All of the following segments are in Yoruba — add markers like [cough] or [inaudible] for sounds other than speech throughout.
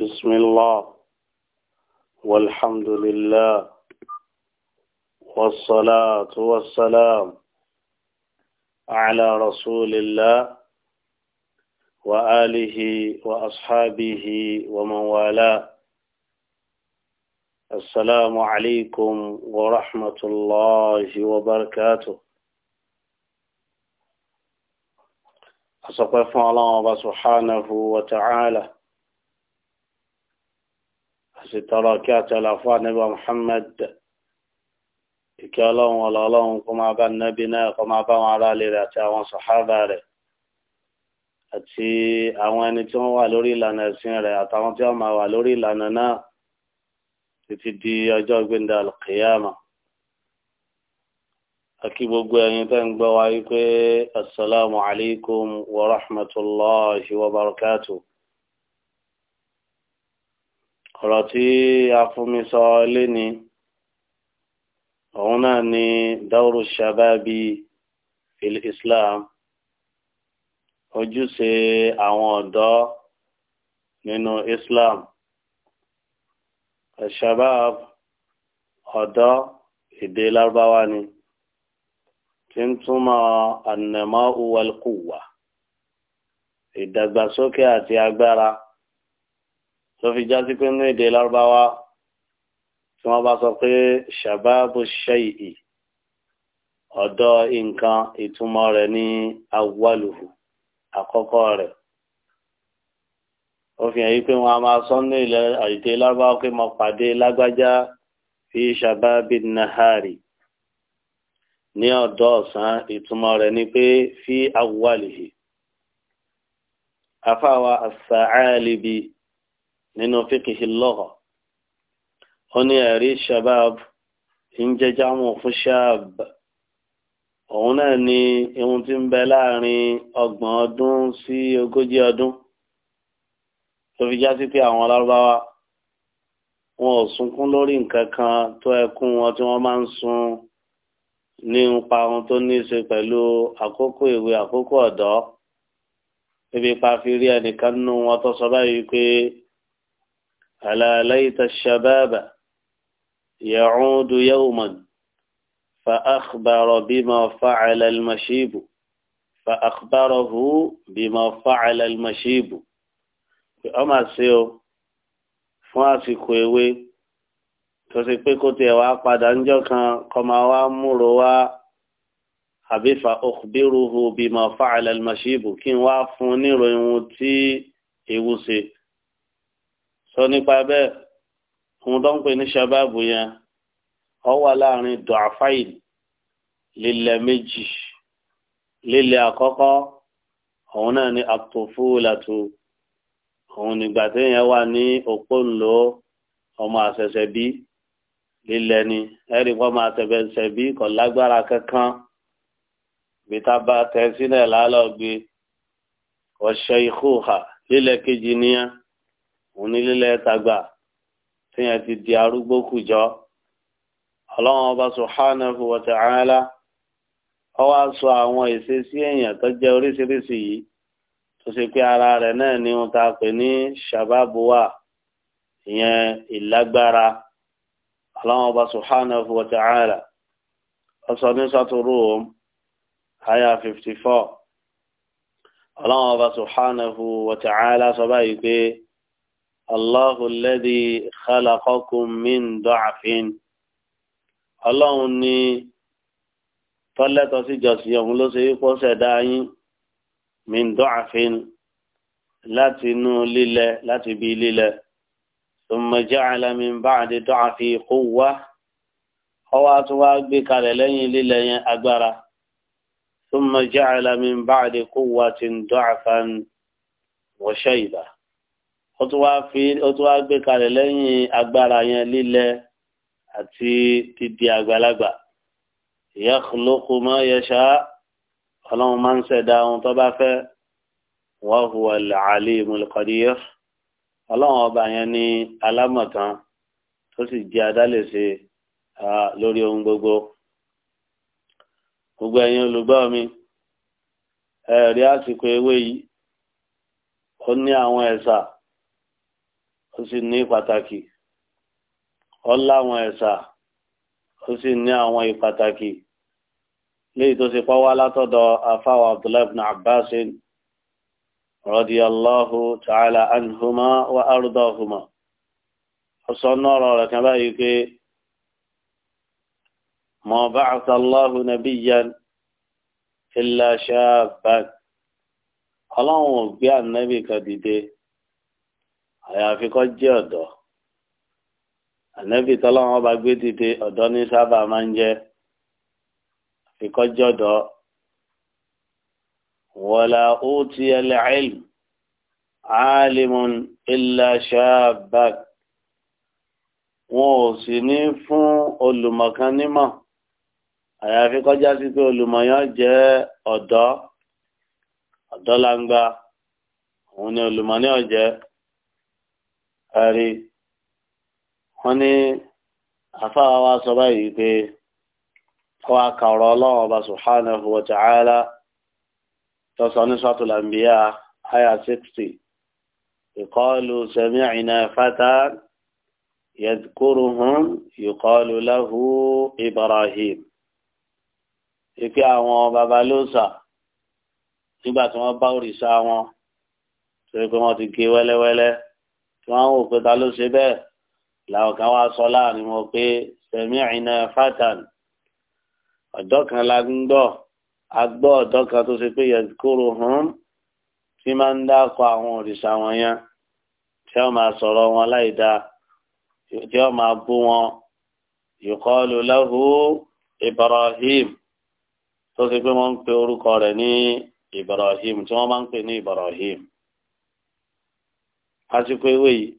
بسم الله والحمد لله والصلاة والسلام على رسول الله وآله وأصحابه ومن والاه السلام عليكم ورحمة الله وبركاته فعلا الله سبحانه وتعالى àṣetọ́rọ kí àtọ́lá fún ànábì Muhammad ìkẹ́ ọlọ́run ọlọ́run kó máa bá nábì náà kó máa bá wọn ará lè rẹ̀ àti àwọn sàhábà rẹ̀ àti àwọn ẹni tí wọ́n wà lórí ìlànà ẹ̀sìn rẹ̀ àtàwọn tí wọ́n máa wà lórí ìlànà náà títí di ọjọ́ gbẹ̀ndà alqiyama akí gbogbo ẹ̀yin tẹ́ ń gbọ́ wa wípé asalaamu alaykum wa rahmatulahi wa barakatuh ọ̀rọ̀ tí a fún mi sọ léni òun náà ni dáwúrú ṣàbábí fil islam ojúṣe àwọn ọ̀dọ́ nínú islam ṣàbáb ọ̀dọ́ èdè lárúbáwá ni tí ń túmọ̀ ànàmọ́ wal ìdàgbàsókè àti agbára tó fi já sí pé nínú èdè lárúbáwá tí wọ́n bá sọ pé ṣàbábù ṣẹ́yìí ọ̀dọ́ nǹkan ìtumọ̀ rẹ̀ ní awwaluhu àkọ́kọ́ rẹ̀ ó fi hàn yí pé wọn a máa sọ ní ilẹ̀ àdìdé lárúbáwá pé mo pàdé lágbájá fi ṣàbábì nahari ní ọ̀dọ́ ọ̀sán ìtumọ̀ rẹ̀ ni pé fi awwalihi afáwa as nínú fíkìhì lọ́gọ̀ ó ní ẹ̀rí shabab ń jẹ́ jámù fún shab òun náà ni ohun tí ń bẹ láàrin ọgbọ̀n ọdún sí ogójì ọdún tó fi já sí pé àwọn lárúbáwá wọn ò sunkún lórí nǹkan kan tó ẹkún wọn tí wọ́n máa ń sun ní ipa ohun tó ní í ṣe pẹ̀lú àkókò ìwé àkókò ọ̀dọ́ níbi ipa fi rí ẹnìkan nínú wọn tó sọ báyìí pé ألا ليت الشباب يعود يوما فأخبر بما فعل المشيب فأخبره بما فعل المشيب أما سيو فاسي كويوي tó ṣe pé kó tiẹ̀ wá padà ńjọ́ kan kọ́ máa wá múrò àbí fa ukhbiruhu bima fa'ala al-mashib kí n wá fún níròyìn tí ewu ṣe sọ nípa bẹ́ẹ̀ òun tó ń pè ní sábàbù yẹn ọ wà láàrin dọ̀àfáì lílẹ̀ méjì lílẹ̀ àkọ́kọ́ òun náà ni àtòfúlàtò òun nígbà téèyàn wà ní òpónlò ọmọ àṣẹ̀ṣẹ̀ bí lílẹ̀ ni ẹ̀rí pọ́ máa tẹ̀bẹ̀ṣẹ̀ bí kò lágbára kankan bìtá bá tẹ̀ sílẹ̀ lálọ́ gbé ọ̀ṣẹ́ ikú ha lílẹ̀ kejì nìyẹn onílélẹ̀ tagbà tíyẹn ti di arúgbó kùjọ ọlọ́run ọba subhanahu wa ta'ala ó wá sọ àwọn ìṣesí èèyàn tó jẹ́ oríṣiríṣi yìí tó ṣe pé ara rẹ̀ náà ni ohun tá pè ní ṣàbábuwà ìyẹn ìlágbára ọlọ́run ọba subhanahu wa ta'ala ọsọ ní sátúrú òun aya fifty four ọlọ́run ọba subhanahu wa ta'ala sọ báyìí pé. الله الذي خلقكم من ضعف ọlọ́run ni tọ́lẹ́tọ̀ sí jọ̀sìn ọ̀hún ló ṣe kó ṣẹ̀dá yín min dọ́àfin láti inú lílẹ̀ láti bí lílẹ̀ thumma ja'ala min ba'di dọ́àfi quwwa ọwọ́ tó wá gbé kalẹ̀ lẹ́yìn lílẹ̀ yẹn agbára thumma ja'ala min ba'di quwwatin dọ́àfan wa shayba ó tún wá fi ó tún wá gbé kalẹ̀ lẹ́yìn agbára yẹn lílẹ̀ àti dídi àgbàlagbà yakhluqu ma yasha ọlọ́run máa ń ṣẹ̀dá ohun tó bá fẹ́ wa huwa al-alimul ọlọ́run ọba yẹn ní alámọ̀tán tó sì jẹ́ adálèṣe lórí ohun gbogbo gbogbo ẹ̀yin olùgbọ́ mi ẹ̀rí àsìkò ewé yìí ó ní àwọn ẹ̀sà ó sì ní pàtàkì ọlá àwọn ẹ̀sà ó sì ní àwọn ìpàtàkì léyìí tó ṣe pọ́wá látọ̀dọ̀ afáwọ̀ abdullahi ibn abbas radiyallahu ta'ala anhuma wa ardahuma ọ̀sán náà rọ̀ rẹ̀ kan báyìí pé ما بعث الله نبيا إلا شابا ọlọ́run ò gbé ànábì kan dìde àyàfi kọ́ jẹ́ ọ̀dọ́ ànẹ́bí tọ́lọ́wọ́n bá gbé dìde ọ̀dọ́ ní sábà máa ń jẹ́ àfi kọ́ jẹ́ ọ̀dọ́ wọ́lá ó ti ẹlẹ́ àìlù alimun illa shabak wọn ò sì ní fún olùmọ̀kan nímọ̀ àyàfi kọjá sí pé olùmọ̀yán jẹ́ ọ̀dọ́ ọ̀dọ́langba òun ni olùmọ̀ ní ọ̀jẹ́ ẹ̀rí wọ́n ní àfáà wa sọ báyìí pé wọ́n á ka ọ̀rọ̀ ọlọ́run ọba subhanahu wa ta'ala tọ́sọ ní suratul anbiya àyà 60 ìkọlù sami'na fata yadhkuruhum ìkọlù lahu ibrahim ìpé àwọn babalóòsà nígbà tí wọ́n bá òrìṣà wọn torí pé wọ́n ti gé wẹ́lẹ́wẹ́lẹ́ tí wọ́n wò pé ta ló ṣe bẹ́ẹ̀ làwọn kan wá sọ láàrin wọn pé sami'na fatan ọ̀dọ́ kan la ń gbọ́ a gbọ́ ọ̀dọ́ kan tó ṣe pé yazkuruhum tí máa ń dákọ àwọn òrìṣà wọn yẹn tí wọ́n máa sọ̀rọ̀ wọn láì dáa tí wọ́n máa bú wọn yuqalu lahu Ibrahim tó ṣe pé wọ́n ń pe orúkọ rẹ̀ ní Ibrahim tí wọ́n máa ń pè ní Ibrahim àsìkò ewé yìí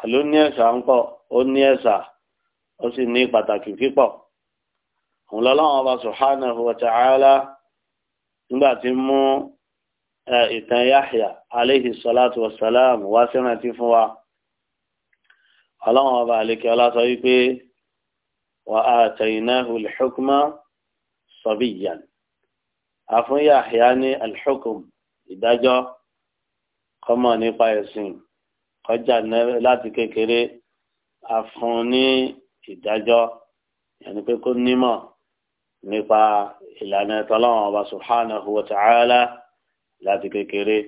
àló ní ẹ̀sà ń pọ̀ ó ní ẹ̀sà ó sì ní pàtàkì pípọ̀ òun lọ́lọ́wọ́n ọba subhanahu wa ta'ala nígbà tí mú ìtàn Yahya alayhi salatu wa salam wá sẹ́rántí fún wa ọlọ́wọ́n ọba àlekẹ́ ọlásọ wípé wa ataynahu al-hukma sabiyyan àfún Yahya ní al ìdájọ́ kọ́mọ̀ nípa ẹ̀sìn kọjá láti kékeré àfún ní ìdájọ́ yẹnni pé kó nímọ̀ nípa ìlànà ìtọ́lọ́wọ́n ọba subhanahu wa ta'ala láti kékeré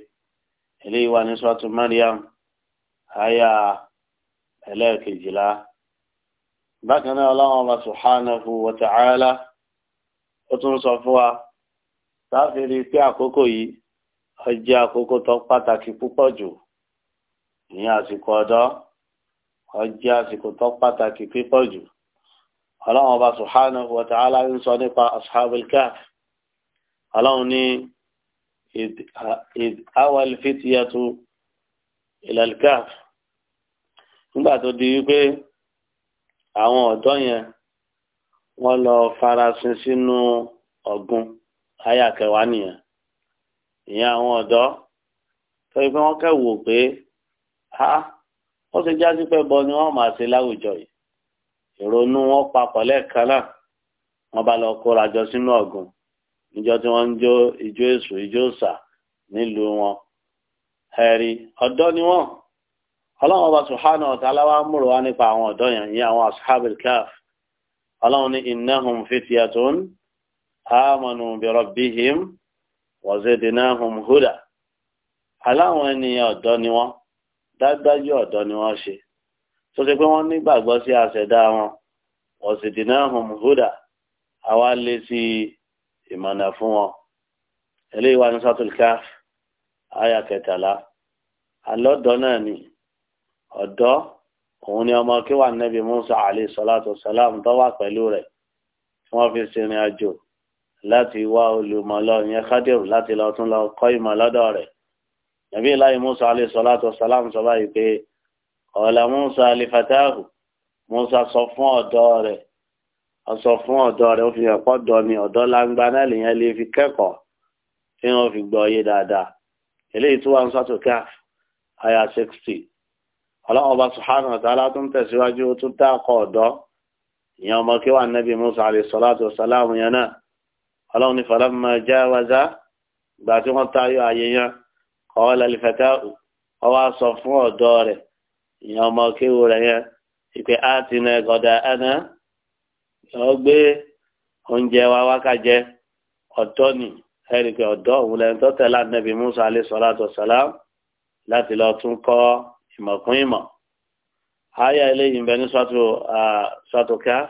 eléyìí wà ní sọ́tù Maryam àyà ẹlẹ́ẹ̀kejìlá bákan náà ọlọ́wọ́n ọba subhanahu wa ta'ala ó tún sọ fún wa sáfìrí pé àkókò yìí ó àkókò tó pàtàkì púpọ̀ jù ìyẹn àsìkò ọ̀dọ́ ọjọ́ àsìkò tó pàtàkì pípọ̀ jù ọlọ́run ọba subhanahu wa ta'ala ń sọ nípa ashabul kahf ọlọ́run ní id awal fityatu ila al-kahf nígbà tó di wípé àwọn ọ̀dọ́ yẹn wọ́n lọ farasin sínú ọ̀gbun ayé nìyẹn ìyẹn àwọn ọ̀dọ́ tó yẹ pé wọ́n kẹ́ pé ha wọ́n ti já sí pé ni wọn máa ṣe láwùjọ yìí ìrònú wọn papọ̀ lẹ́ẹ̀kan náà wọ́n bá lọ kóra jọ sínú ọ̀gùn níjọ tí wọ́n ń jó ijó èṣù ijó òòṣà nílùú wọn ni wọ́n ọlọ́run ọba sùhánà ọ̀tàlá wa múrò wá nípa àwọn ọ̀dọ́ yẹn ní àwọn ashabil kaf ọlọ́run ní innahum fityatun amanu bi rabbihim wa huda aláwọn ènìyàn ọ̀dọ́ ni dájúdájú ọ̀dọ́ ni wọ́n ṣe tó ṣe pé wọ́n nígbàgbọ́ sí àṣẹ̀dá wọn wọ́n sì dìnnà hùm húdà àwa lé sí ìmọ̀nà fún wọn eléyìí wà ní sátúl káf àyà kẹtàlá alọ́dọ̀ náà ni ọ̀dọ́ òun ni ọmọ kí wà nẹ́bí musa Ali salatu salam tó wà pẹ̀lú rẹ̀ tí wọ́n fi ṣe ìrìn àjò láti wá olùmọ̀lọ́ ìyẹn kádìrú láti lọ lọ kọ́ ìmọ̀ rẹ̀ nàbí ilayi musa alayhi salatu wa salam sọ báyìí pé ọ̀la musa alifatahu musa sọ fún ọ̀dọ́ rẹ̀ ọsọ fún ọ̀dọ́ rẹ̀ ó fi hàn pọ́dọ̀ ni ọ̀dọ́ langba náà lèyàn lè fi kẹ́kọ̀ọ́ tí wọ́n fi gbọ́ yé dáadáa eléyìí tó wà ń sọ́tò káf àyà sixty ọlọ́run ọba subhanahu wa ta'ala tó tẹ̀síwájú ó tún dákọ̀ ọ̀dọ́ ìyẹn ọmọ kí wà nẹ́bí musa alayhi wa salam yẹn náà ọlọ́run ní falamma jawaza gbà tí wọ́n tayọ àyè yẹn ọ̀ọ́lá lìfẹ̀tà ọwọ́ sọ fún ọ̀dọ́ rẹ̀ ìyẹn ọmọ kéwò rẹ̀ yẹn ìpè áàtì náà gọ̀dà ẹ̀nà ọ gbé oúnjẹ wa wákàjẹ ọ̀dọ́ ni ẹ̀rì pé ọ̀dọ́ òun lẹ́nu tó tẹ̀lé ànábì Musa alayhi salatu wassalam láti lọ tún kọ́ ìmọ̀ kún ìmọ̀ àyà eléyìí ń bẹ ní sọ́tò káf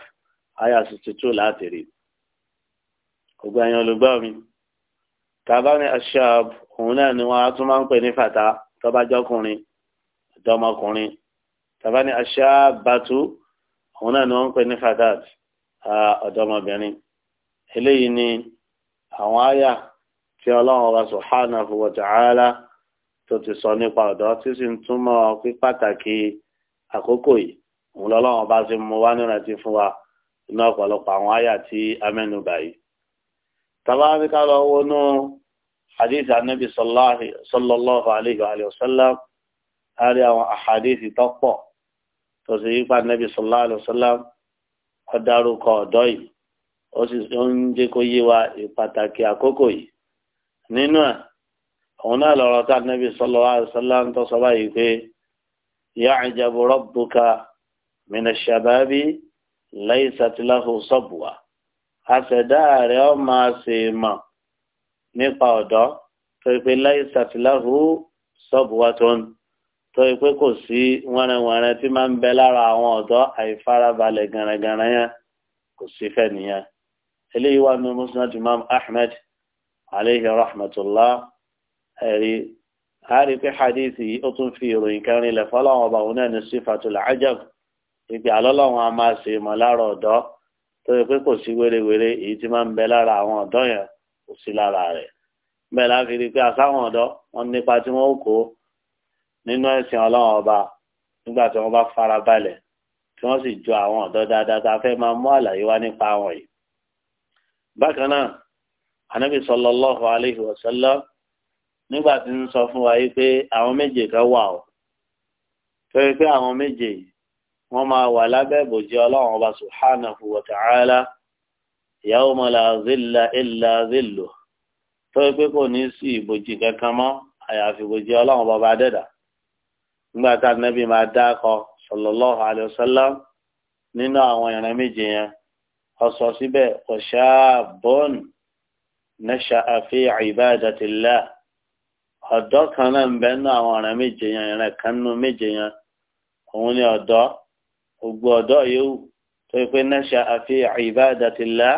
àyà 62 láti rí gbogbo ẹ̀yin olùgbọ́ mi tàbá ní ashab òun náà ni wọ́n á tún máa ń pè ní fàtà tọ́ba jọkùnrin dọmọkùnrin tàbá ní ashabatu òun náà ni wọ́n ń pè ní fatat ọ̀dọ́mọbìnrin eléyìí ni àwọn àyà tí ọlọ́run ọba subhanahu wa ta'ala tó ti sọ nípa ọ̀dọ́ tí sì ń túmọ̀ pípàtàkì àkókò yìí òun lọ́lọ́run ọba ti mú wá nínú àti fún wa inú ọ̀pọ̀lọpọ̀ àwọn àyà tí amẹ́nubà yìí tàbí ká lọ wọnú hadith anabi sallallahu alayhi wa sallam a rí àwọn ahadith tó pọ̀ tó sì yípa anabi sallallahu alayhi wa sallam ó dárúkọ ọ̀dọ́ yìí ó sì ń jẹ́ kó yé wa ìpàtàkì àkókò yìí nínú ẹ̀ òun náà lọ́rọ̀ tá anabi sallallahu alayhi wa sallam tó sọ báyìí pé ya'jabu rabbuka min ash-shababi laysat lahu àṣẹ̀dá rẹ̀ ọ máa ṣe mọ̀ nípa ọ̀dọ́ torí pé láyé ṣàtìláhù sọ́bùwátún torí pé kò sí wẹ́rẹ̀wẹ̀rẹ̀ tí máa ń bẹ lára àwọn ọ̀dọ́ àìfarabalẹ̀ gànàgànà yẹn kò sí fẹ́ nìyẹn eléyìí wà nínú musnad imam ahmed aleyhi rahmatullah ẹ̀rí àárí pé hadith yìí ó tún fi ìròyìn kẹrin lẹ̀ fọ́lọ́wọ́n ọba òun náà ní sífàtúlà ajab ìgbà lọ́lọ́wọ́n a máa ṣe mọ̀ ọ̀dọ́ tó yẹ pé kò sí wérewère èyí tí máa ń bẹ lára àwọn ọ̀dọ́ yẹn kò sí lára rẹ̀ bẹ́ẹ̀ láfi rí i pé àsáwọn ọ̀dọ́ wọn nípa tí wọ́n kó nínú ẹ̀sìn ọlọ́run ọba nígbà tí wọ́n bá fara balẹ̀ tí wọ́n sì ju àwọn ọ̀dọ́ dáadáa tá a fẹ́ máa mú àlàyé wá nípa àwọn yìí. bákan náà anabi sallallahu alayhi wa sallam nígbà tí ń sọ fún wa yìí pé àwọn méje kan wà ó fẹ́ẹ́ pé àwọn méje yìí wọ́n máa wà lábẹ́ ìbòjì ọlọ́run ọba subhanahu wa ta'ala yawma la zilla illa zillu tó yẹ pé kò ní sí ìbòjì kankan mọ́ àyàfi ìbòjì ọlọ́run ọba bá dẹ̀dà nígbà tá nẹ́bí máa dákọ sallallahu alayhi wa sallam nínú àwọn ìran méje yẹn ọsọ síbẹ̀ ọ̀ṣàbọ̀n nẹ́ṣà àfi ibadatillah ọ̀dọ́ kan náà ń bẹ́ẹ̀ nínú àwọn ìran méje yẹn ìran kan nínú méje yẹn òun ni ọ̀dọ́ gbogbo ọ̀dọ́ yòówù tó yẹ pé nẹ́ṣà àfi ìbádàtìlá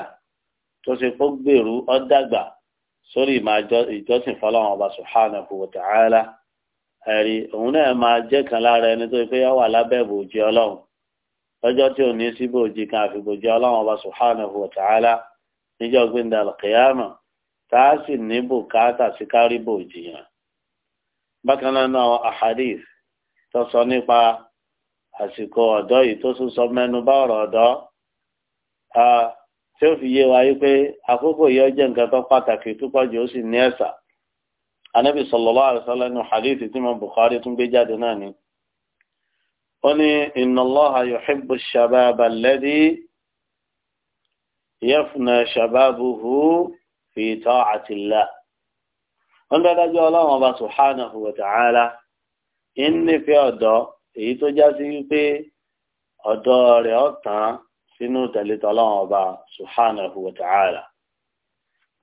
tó ṣe kó gbèrú ọ̀dàgbà sórí ìjọsìn fọlọ́wọn ọba subhanahu wa ta'ala ẹ̀rí òun náà máa jẹ́ kan lára ẹni tó yẹ pé yọ wà lábẹ́ bòjì ọlọ́run lọ́jọ́ tí ò ní sí bòjì kan àfi bòjì ọlọ́run ọba subhanahu wa ta'ala níjọ́ gbẹ̀ndà al-qiyama tá a sì ní bùkátà sí kárí bòjì yẹn bákan náà náà ahadith tó sọ nípa àsìkò ọ̀dọ́ yìí tó tún sọ mẹ́nu bá ọ̀rọ̀ ọ̀dọ́ tí ó fi yé wa yí pé àkókò yìí ó jẹ́ nǹkan tó pàtàkì púpọ̀ jù ó sì ní ẹ̀sà anábì sallallahu alaihi wasallam nínú hadith tí mo Bukhari tún gbé jáde náà ni ó ní inna Allaha yuhibbu ash-shababa alladhi yafna shababuhu fi ta'atillah wọ́n dájú ọlọ́run ọba subhanahu wa ta'ala ń nífẹ̀ẹ́ ọ̀dọ́ èyí tó já sí wípé ọ̀dọ́ rẹ̀ ọ̀tàn sínú tẹ̀lé tọ́lọ́run ọba subhanahu wa ta'ala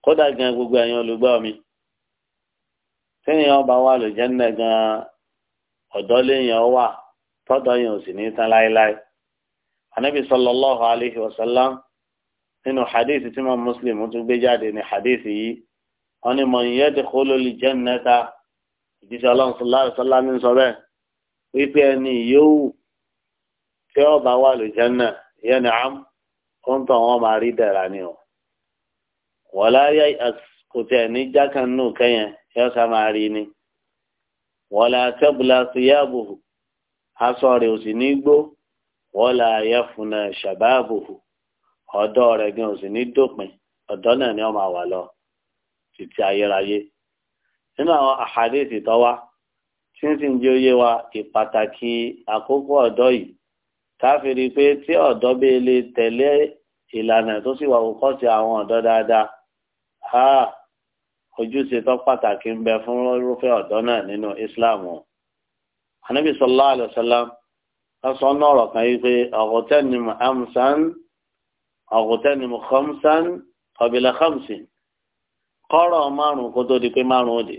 kódà gan gbogbo ẹ̀yin olùgbọ́ mi téèyàn bá wà lò jẹ́nẹ̀ gan ọ̀dọ́ léèyàn wà tọ́dọ̀ yẹn ò sì ní tán láéláé anabi sallallahu alayhi wa sallam nínú hadithi tí wọn muslim tún gbé jáde ní hadithi yìí wọn ni man yadkhulul jannata ìdíṣẹ́ ọlọ́run sallallahu alayhi ní sọ bẹ́ẹ̀ wípé ẹni yòówù tí ó bá wà lùjánà yẹn ni àm ó ń tàn wọn máa rí dẹ̀ra ni o wọ́n láyé kò tẹ̀ ní jákànnù kẹ́yìn yóò sá máa rí ni wọ́n là tẹ́bùlà síyáàbò aṣọ rẹ̀ ò sì ní gbó wọ́n là yẹ fúnà ṣàbáàbò ọ̀dọ́ rẹ̀ gan ò sì ní dópin ọ̀dọ́ náà ni ó máa wà lọ títí ayérayé nínú àwọn àhàdé ìtọ́wá sínsìn jẹ́ oyé wa ìpàtàkì àkókò ọ̀dọ́ yìí káfíìrì pé tí ọ̀dọ́ bí lè tẹ̀lé ìlànà tó sì wà kókó sí àwọn ọ̀dọ́ dáadáa ha ojúṣe tó pàtàkì ń bẹ fún irúfẹ́ ọ̀dọ́ náà nínú Islam o anabi sallallahu alayhi wa sallam ọsọ náà ọ̀rọ̀ kan yìí pé ọ̀gùtẹ́nimu amsan ọ̀gùtẹ́nimu khamsan qabila khamsin kọ́rọ̀ márùn-ún kó tó di pé márùn-ún òde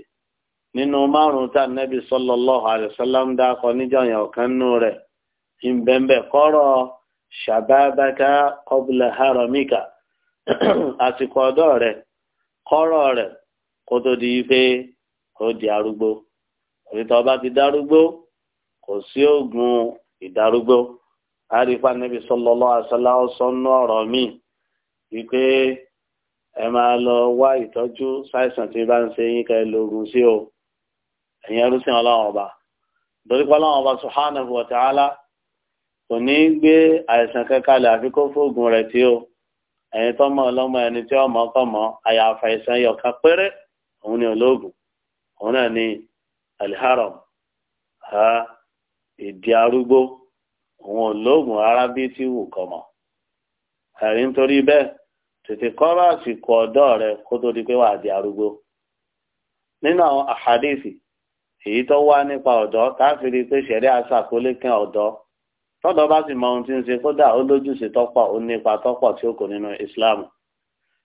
nínú márùn tá nẹbi sallallahu alaihi wasallam dákọ níjọ yẹn ọ̀kan nù rẹ ìbẹ̀m̀bẹ̀ kọ́rọ̀ ṣàbábáká qabla haramika [clears throat] àsìkò ọ̀dọ́ rẹ kọ́rọ̀ rẹ kó tó di pé ó di arúgbó òrìtà ọba ti darúgbó kò sí oògùn ìdarúgbó àrífà nẹbi sallallahu alaihi wasallam sọnù ọ̀rọ̀ mi wípé ẹ máa lọ wá ìtọ́jú sáìsàn tí bá ń ṣe yín ká ẹ lògùn sí o. ẹ̀yin ẹrúsìn ọlọ́run ọba torí ọla ọba ta'ala tí ó ẹ̀yin tọ́mọ ẹni àyàfà ìsàn yọ̀ọ̀kan péré òun ni òun náà ni ha ìdí arúgbó òun olóògùn rárá tí wù bẹ́ẹ̀ tètè kọ́rọ̀ àsìkò rẹ kó èyí tó wá nípa ọ̀dọ́ káfíìrì pé ṣẹ̀rí aṣàkólé kan ọ̀dọ́ tọ́dọ̀ bá sì mọ ohun tí ń ṣe kódà ó lójúṣe tọ́pọ̀ ó nípa tọ́pọ̀ tí ó kò nínú Islam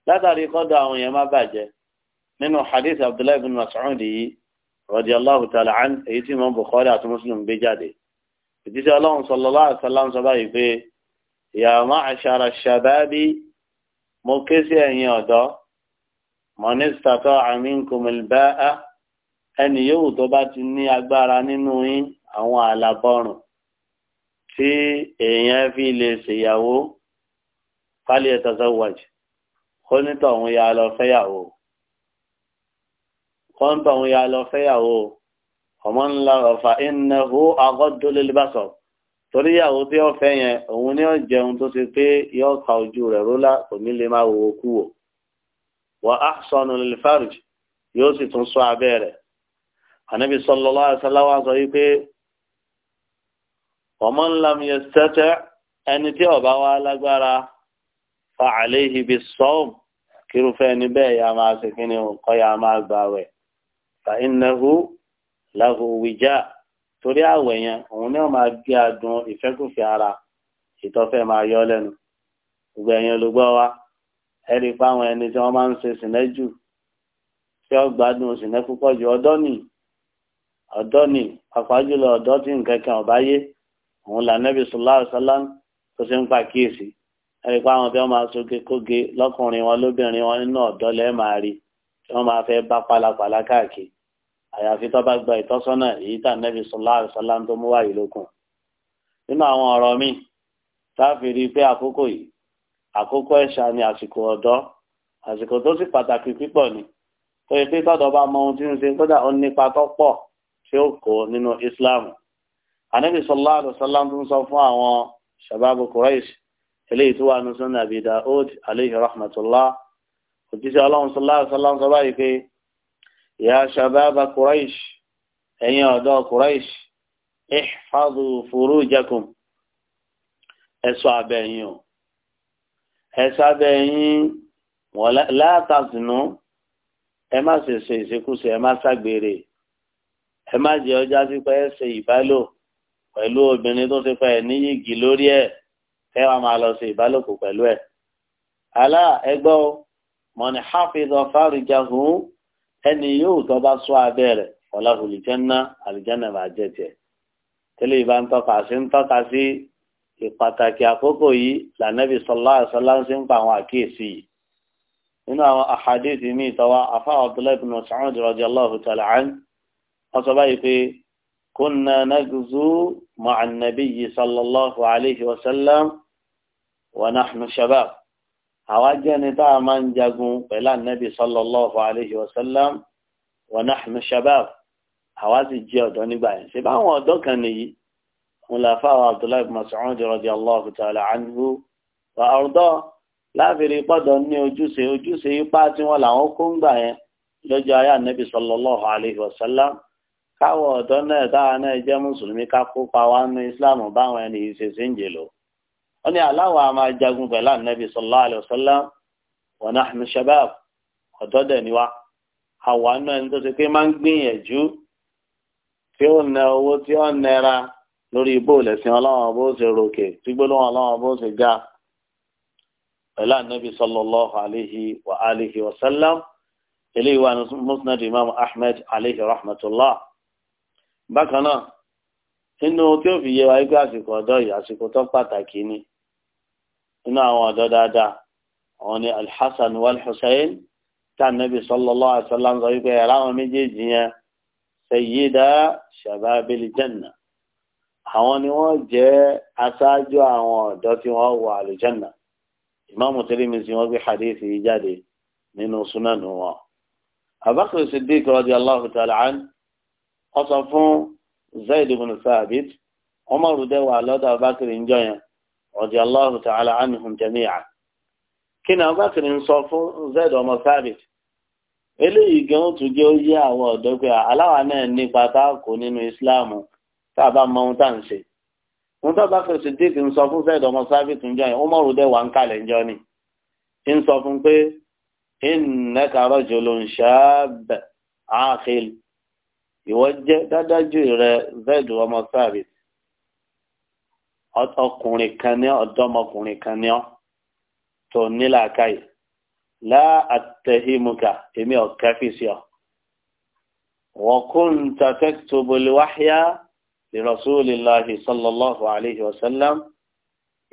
látàrí kọ́dọ̀ àwọn yẹn má bàjẹ́ nínú hadith Abdullahi bin Mas'ud yìí radiyallahu ta'ala an èyí tí mo Bukhari àti Muslim gbé jáde ìdíṣẹ́ ọlọ́run sallallahu alaihi wasallam sọ báyìí pé ya ma'ashara shababi mo ké sí ẹ̀yin ọ̀dọ́ man istata'a minkumul ba'a ẹnì yòówù tó bá ti ní agbára nínú yín àwọn àlàbọrùn tí èèyàn fi lè ṣèyàwó fálí ẹtọsọ wájú ó ní tọ̀hún ya lọ fẹ́yàwó ó ń tọ̀hún ya lọ fẹ́yàwó ọmọ ńlá ọfà ìnáwó agọdọlélébàṣọ torí ìyàwó tí ó fẹ́ yẹn òun ni ó jẹun tó ṣe pé yóò ka ojú rẹ̀ rólá kò lè máa wò ó kú wò wà á sọnù lè fárùjì yóò sì tún sọ abẹ́ rẹ̀ ànábì sallallahu alaihi wasallam sọ wípé ọmọ ńlá mi yẹ sẹ́tẹ́ ẹni tí ọba wa lágbára fa alayhi bis-sawm kírúfẹ́ ẹni bẹ́ẹ̀ ya máa ṣe kí ni kọ́ ya máa gbà wẹ̀ fa innahu lahu wija torí àwẹ̀ yẹn òun náà máa gbé adùn ìfẹ́kùfẹ́ ara ìtọ́fẹ́ máa yọ lẹ́nu gbogbo ẹ̀yin olùgbọ́ wa ẹ̀rí pa àwọn ẹni tí wọ́n máa ń ṣe sìnẹ́jù tí ó gbádùn sìnẹ́ púpọ̀ jù ọdọ́ nìyí ọ̀dọ́ ni àpájùlọ ọ̀dọ́ tí nǹkan kan ọ̀bá yé òun là nẹ́bí sọlá ọ̀sálá tó ṣe ń pa kíyèsí ẹ̀rí pa àwọn tí wọ́n máa soge kóge lọ́kùnrin wọn lóbìnrin wọn nínú ọ̀dọ́ lẹ́ẹ̀ máa rí tí wọ́n máa fẹ́ bá pálapàla káàkiri àyàfi tó bá gba ìtọ́sọ́nà èyí tà nẹ́bí sọlá ọ̀sálá tó mú wáyé lókun nínú àwọn ọ̀rọ̀ mi táàfin pé àkókò yìí àkókò ẹ̀ṣà ni àsìkò ọ̀dọ́ àsìkò tó sì pàtàkì pípọ̀ ni tó yẹ pé tọ́dọ̀ bá mọ ohun tí ń ṣe kódà ó nípa tó pọ̀ tí ó kó nínú islam anabi sallallahu alaihi wasallam tó ń sọ fún àwọn shababu quraish eléyìí tó wà ní sunna abi daud alayhi rahmatullah òjíṣẹ́ ọlọ́run sallallahu alaihi wasallam sọ báyìí pé ya shababa quraish ẹ̀yin ọ̀dọ́ quraish ihfadu furujakum ẹ̀sọ́ abẹ́yìn o ẹ̀sọ́ abẹ́yìn wọ́n látàzínú ẹ má ṣe ṣe ìṣekúṣe ẹ má ṣàgbèrè ẹ má jẹ́ ọjà sí pé ẹ ṣe ìbálò pẹ̀lú obìnrin tó ti pẹ́ ẹ ní yìgì lórí ẹ̀ ẹ wàá máa lọ ṣe ìbálòpò pẹ̀lú ẹ̀. alá ẹgbọ́ mọ̀nì hafiz ọ̀fàrìjàhù ẹni yóò tọ́ bá sọ abẹ́ rẹ̀ ọ̀làhùn ìjẹ́nà àlìjẹ́nà máa jẹ́ tiẹ̀. tẹ́lẹ̀ ìbá ń tọ́ka sí ń tọ́ka sí ìpàtàkì àkókò yìí lànàbì sallallahu alaihi wasallam ń pa àwọn àkíyèsí yìí. nínú àwọn àhàdíìsì míì tọ́wọ́ afáwọn abdullahi bin Mas'ud radiyallahu ta'ala wọ́n sọ báyìí pé kunna nagzu ma'a nabiyyi sallallahu alayhi wa sallam wa nahnu shabab àwa jẹ́ni tá a máa ń jagun pẹ̀lú ànábì sallallahu alayhi wa sallam wa nahnu shabab àwa sì jẹ́ ọ̀dọ́ nígbà yẹn ṣe báwọn ọ̀dọ́ kan nìyí wọn là fáwọn abdullahi mas'ud radiyallahu ta'ala anhu wa arda láfìrí pọ́dọ̀ ní ojúṣe ojúṣe ipá tí wọ́n làwọn kó ń gbà yẹn lọ́jọ́ ayé ànábì sallallahu alayhi wa sallam káwọ ọ̀dọ́ náà táwa náà jẹ́ mùsùlùmí ká kópa wa nínú islam báwọn ẹni ìṣèṣe ń jè lò ó ní aláwọ̀ a máa jagun pẹ̀lú ànábì sallallahu alaihi wasallam wa nahnu shabab ọ̀dọ́ dẹ̀ ni wa àwa náà ní tó ṣe pé máa ń gbìyànjú tí ó nẹ owó tí ó nẹra lórí ibò lẹ́sìn ọlọ́run bó ṣe ròkè tí gbólóhùn ọlọ́run bó ṣe ga pẹ̀lú ànábì sallallahu alaihi wa alihi wasallam eléyìí wà ní musnad imam ahmed alaihi rahmatullah bákan náà nínú tí ó fi yé wa pé àsìkò ọ̀dọ́ yìí àsìkò tó pàtàkì ni nínú àwọn ọ̀dọ́ dáadáa àwọn ni alhassan walhussein tá nàbì sallallahu alaihi wasallam sọ wípé ẹ̀rọ àwọn méjèèjì yẹn sayyida shababil janna àwọn ni wọ́n jẹ́ aṣáájú àwọn ọ̀dọ́ tí wọ́n wọ àlùjànnà ìmáàmù Tirmidhi wọ́n gbé hadith jáde nínú súnánù wọn. Abubakar Siddiq radiyallahu ta'ala anhu ọsọ fún Zaid ibn Thabit Umar dẹwà lọ́dọ̀ Abubakar njọ yẹn radiyallahu ta'ala anhum jami'a kí ni Abubakar ń sọ fún Zaid ọmọ Thabit eléyìí gan tún jẹ́ ó yé àwọn ọ̀dọ́ pé aláwa náà nípa tá a kó nínú Islam tá a bá mọ ohun tá à ń ṣe wọn tó bá fẹ́ sèdíkì ń sọ fún Zaid ọmọ Thabit njọ yẹn Umar dẹwà ń kalẹ̀ njọ ni ń sọ fún pé innaka rajulun shab akhil ìwọ jẹ́ dádájú rẹ Zaid ọmọ Sábit ọkùnrin kan ní ọ̀dọ́mọkùnrin kan ní ọ tó nílàákàyè láà àtẹhìmùkà èmi ọ̀kẹ́fìsì ọ wọ́n kún tàtẹ́tùbọ̀lì wáhíyá ìrọ̀súlélàhì sọlọ́lọ́hù àlehi ọ̀sẹ́lẹ̀m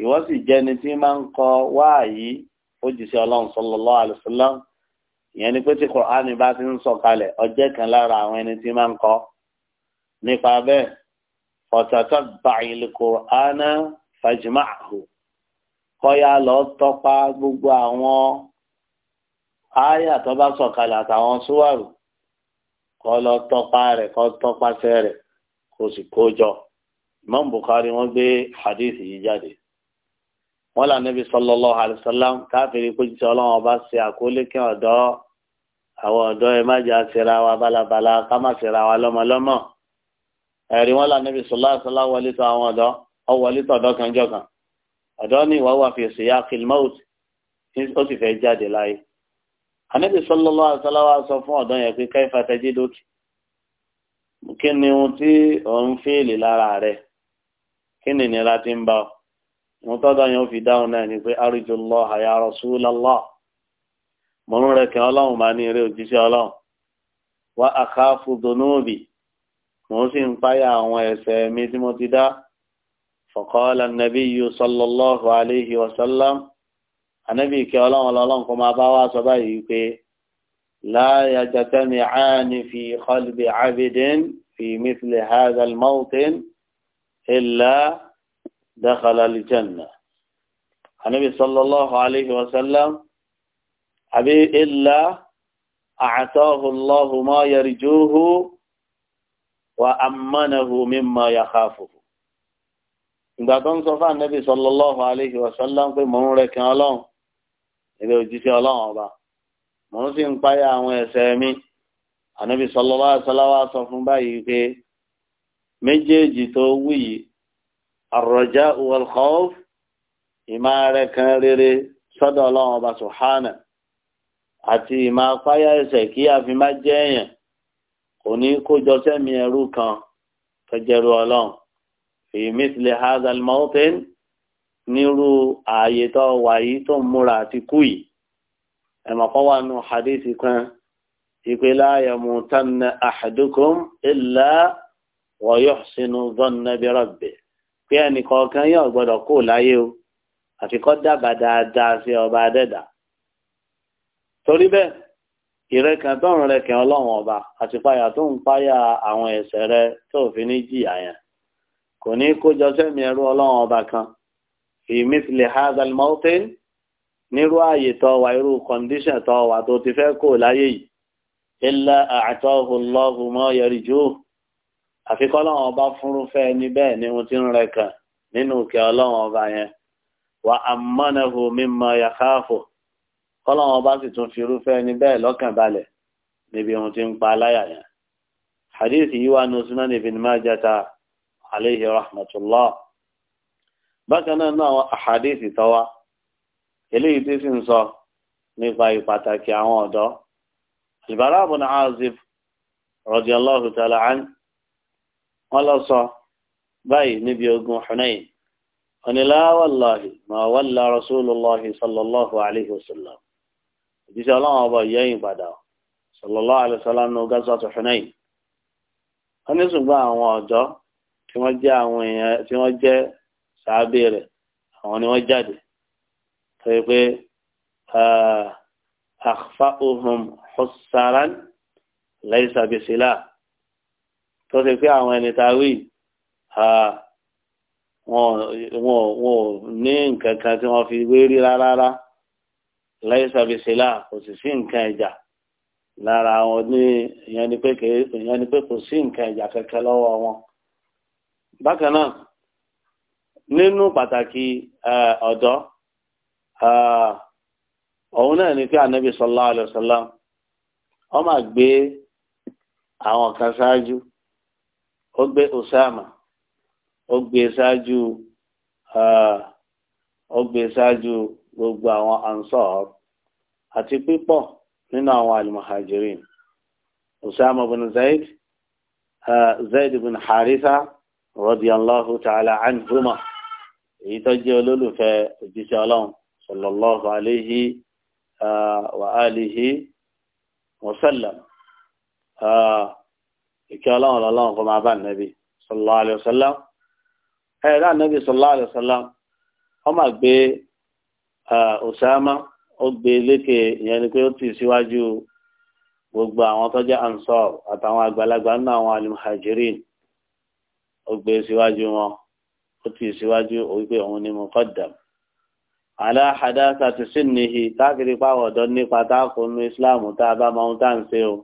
ìwọ sì jẹ́ni tí máa ń kọ wáàyí ó jìṣẹ́ ọlọ́run sọlọ́lọ́hù àlehi ọ̀sẹ́lẹ̀m ìyẹn ni pé tí kòránì bá ti ń sọ̀kalẹ̀ ọjẹ́ kan lára àwọn ẹni tí máa ń kọ́ nípa bẹ́ẹ̀ ọ̀tọ̀tọ̀ bàyìlì kòránà fàjìmáàhù kọ́yà lọ tọ́pa gbogbo àwọn áyà tó bá sọ̀kalẹ̀ àtàwọn súwárù kọ́ lọ tọ́pa rẹ̀ kọ́ tọ́pasẹ̀ rẹ̀ kò sì kó jọ Imam Bukhari wọ́n gbé hadith yìí jáde wọn là níbi sallallahu alaihi wasallam káfíìrì kó jíṣẹ́ Ọlọ́run ọba ṣe àkólé kí ọ̀dọ́ àwọn ọ̀dọ́ ẹ má jà síra wa balabala ká má síra wa lọ́mọlọ́mọ ẹ̀rí wọn là níbi sallallahu alaihi wasallam wọlé tó àwọn ọ̀dọ́ ọ wọlé tó ọ̀dọ́ kan jọ kan ọ̀dọ́ ní ìwà wà fi siyaqil maut ó sì fẹ́ jáde láyé àníbi sallallahu alaihi wasallam wa sọ fún ọ̀dọ́ yẹn pé mo tọ́dọ̀ yẹn ó fi dáhùn náà ni pé arju Allah ya Rasulallah mo ń rẹ̀ kẹ́ ọlọ́run máa ní eré òjíṣẹ́ ọlọ́run wa akhafu dhunubi mo sì ń páyà àwọn ẹ̀ṣẹ̀ mi tí mo ti dá faqala an-nabiyyu sallallahu alayhi wa sallam ànábì kẹ́ ọlọ́run ọlọ́run kó máa bá wá sọ báyìí pé la yajtami'ani fi qalbi 'abdin fi mithli hadha al-mawtin dakhala al-janna anabi sallallahu alayhi wa sallam àbí illa a'tahu Allahu ma yarjuhu wa ammanahu mimma yakhafuhu ìgbà tó ń sọ fún anabi sallallahu alayhi wa sallam pé mò ń rẹ kí ọlọ́run ìbẹ̀ òjíṣẹ́ ọlọ́run ọba mò ń sì ń páyà àwọn ẹ̀ṣẹ̀ mi anabi sallallahu alayhi wa sallam sọ fún báyìí pé méjèèjì tó wù yìí àròjá wọlkọf ìmá rẹ kan rere sọ́dọ̀ Ọlọ́run ọba sùhánà àti ìmá apáyà ẹsẹ kí a fi má jẹ èèyàn kò ní kójọ sẹmi ẹrú kan kẹjẹrú Ọlọ́run fi mithli hazal mawtin nírú ààyè tó wà yìí tó ń múra àti kú yìí ẹ̀mọ̀kọ́ wà nù hadithi kan ìpè la ahadukum illa wa yuhsinu dhanna bi rabbih pé ẹnìkọ̀ọ̀kan yóò gbọ́dọ̀ kó láyé o àti kọ́ dábàá dáadáa sí ọba adẹ́dà torí bẹ́ẹ̀ ìrẹ́kàn tọ́run rẹ̀kàn ọlọ́run ọba àti páyà tó ń páyà àwọn ẹ̀ṣẹ̀ rẹ tó fi ní jìyà yẹn kò ní kójọ sẹ́mi ẹrú ọlọ́run ọba kan fi mithli hazal mawtin nírú ààyè tó wà irú kọ́ndíṣàn tó wà tó ti fẹ́ kó láyé yìí illa a'tahu Allahu ma yarjuhu àfikọ́ ọlọ́run ọba fúnrúfẹ́ ẹni bẹ́ẹ̀ ni mo ti ń rẹ kàn nínú òkè ọlọ́run ọba yẹn wà á mọ́nàfò mímọ yàkáàfò kọ́lọ́run ọba sì tún fi irúfẹ́ ẹni bẹ́ẹ̀ lọ́kàn balẹ̀ níbi ohun tí ń pa aláyà yẹn. hadith yìí wà ní Sunan Ibn Majah ta aleyhi bákan náà náà àwọn hadith tọ́wá eléyìí tí sì ń sọ nípa ìpàtàkì àwọn ọ̀dọ́ Al-Bara' ibn Azib radiyallahu ta'ala wọ́n lọ sọ báyìí níbi ogun Hunayn ọ̀nìlá wàláhì máa wàlá rasulullahi sallallahu alayhi wa sallam ìdíṣẹ́ ọlọ́run ọba yẹ́yìn padà sallallahu alayhi wa sallam ní gásọ́ tó Hunayn wọ́n ní ṣùgbọ́n àwọn ọ̀dọ́ tí wọ́n jẹ́ àwọn èèyàn tí wọ́n jẹ́ sàábé àwọn ni wọ́n jáde tó pé àkfà ohun hussaran laysa bisila tó ṣe pé àwọn ẹni tá a wọn ò ní nǹkan kan tí wọ́n fi wérí rárá láyé sàbẹ̀sílà kò sì sí nǹkan ìjà lára wọn ní ìyẹn ni pé kò sí nǹkan ìjà kankan lọ́wọ́ wọn. bákan náà nínú pàtàkì ọ̀dọ́ òun náà ni pé ànábì sallallahu alaihi wasallam ó máa gbé àwọn kan ṣáájú ó gbé Osama ó gbé ṣáájú ó gbé ṣáájú gbogbo àwọn ansar àti pípọ̀ nínú àwọn alimuhajirin Osama bin Zaid Zaid bin Haritha radiyallahu ta'ala anhuma èyí tó jẹ́ olólùfẹ́ òjíṣẹ́ ọlọ́run sallallahu alayhi wa alihi wa sallam ìkẹ́ ọlọ́run lọ́lọ́run kó máa bá nẹ́bí sallallahu alaihi wasallam ẹ̀rọ ànẹ́bí sallallahu alaihi wasallam wọ́n máa gbé Usama ó gbé lékè ìyẹn ni pé ó tì síwájú gbogbo àwọn tó jẹ́ ansar àtàwọn àgbàlagbà nínú àwọn alimuhajirin ó gbé síwájú wọn ó tì síwájú wípé òun ni muqaddam ala hadasati sinnihi káàkiri pàwọ̀dọ́ nípa táàkùn islam tá a bá máa ń tà ń ṣe o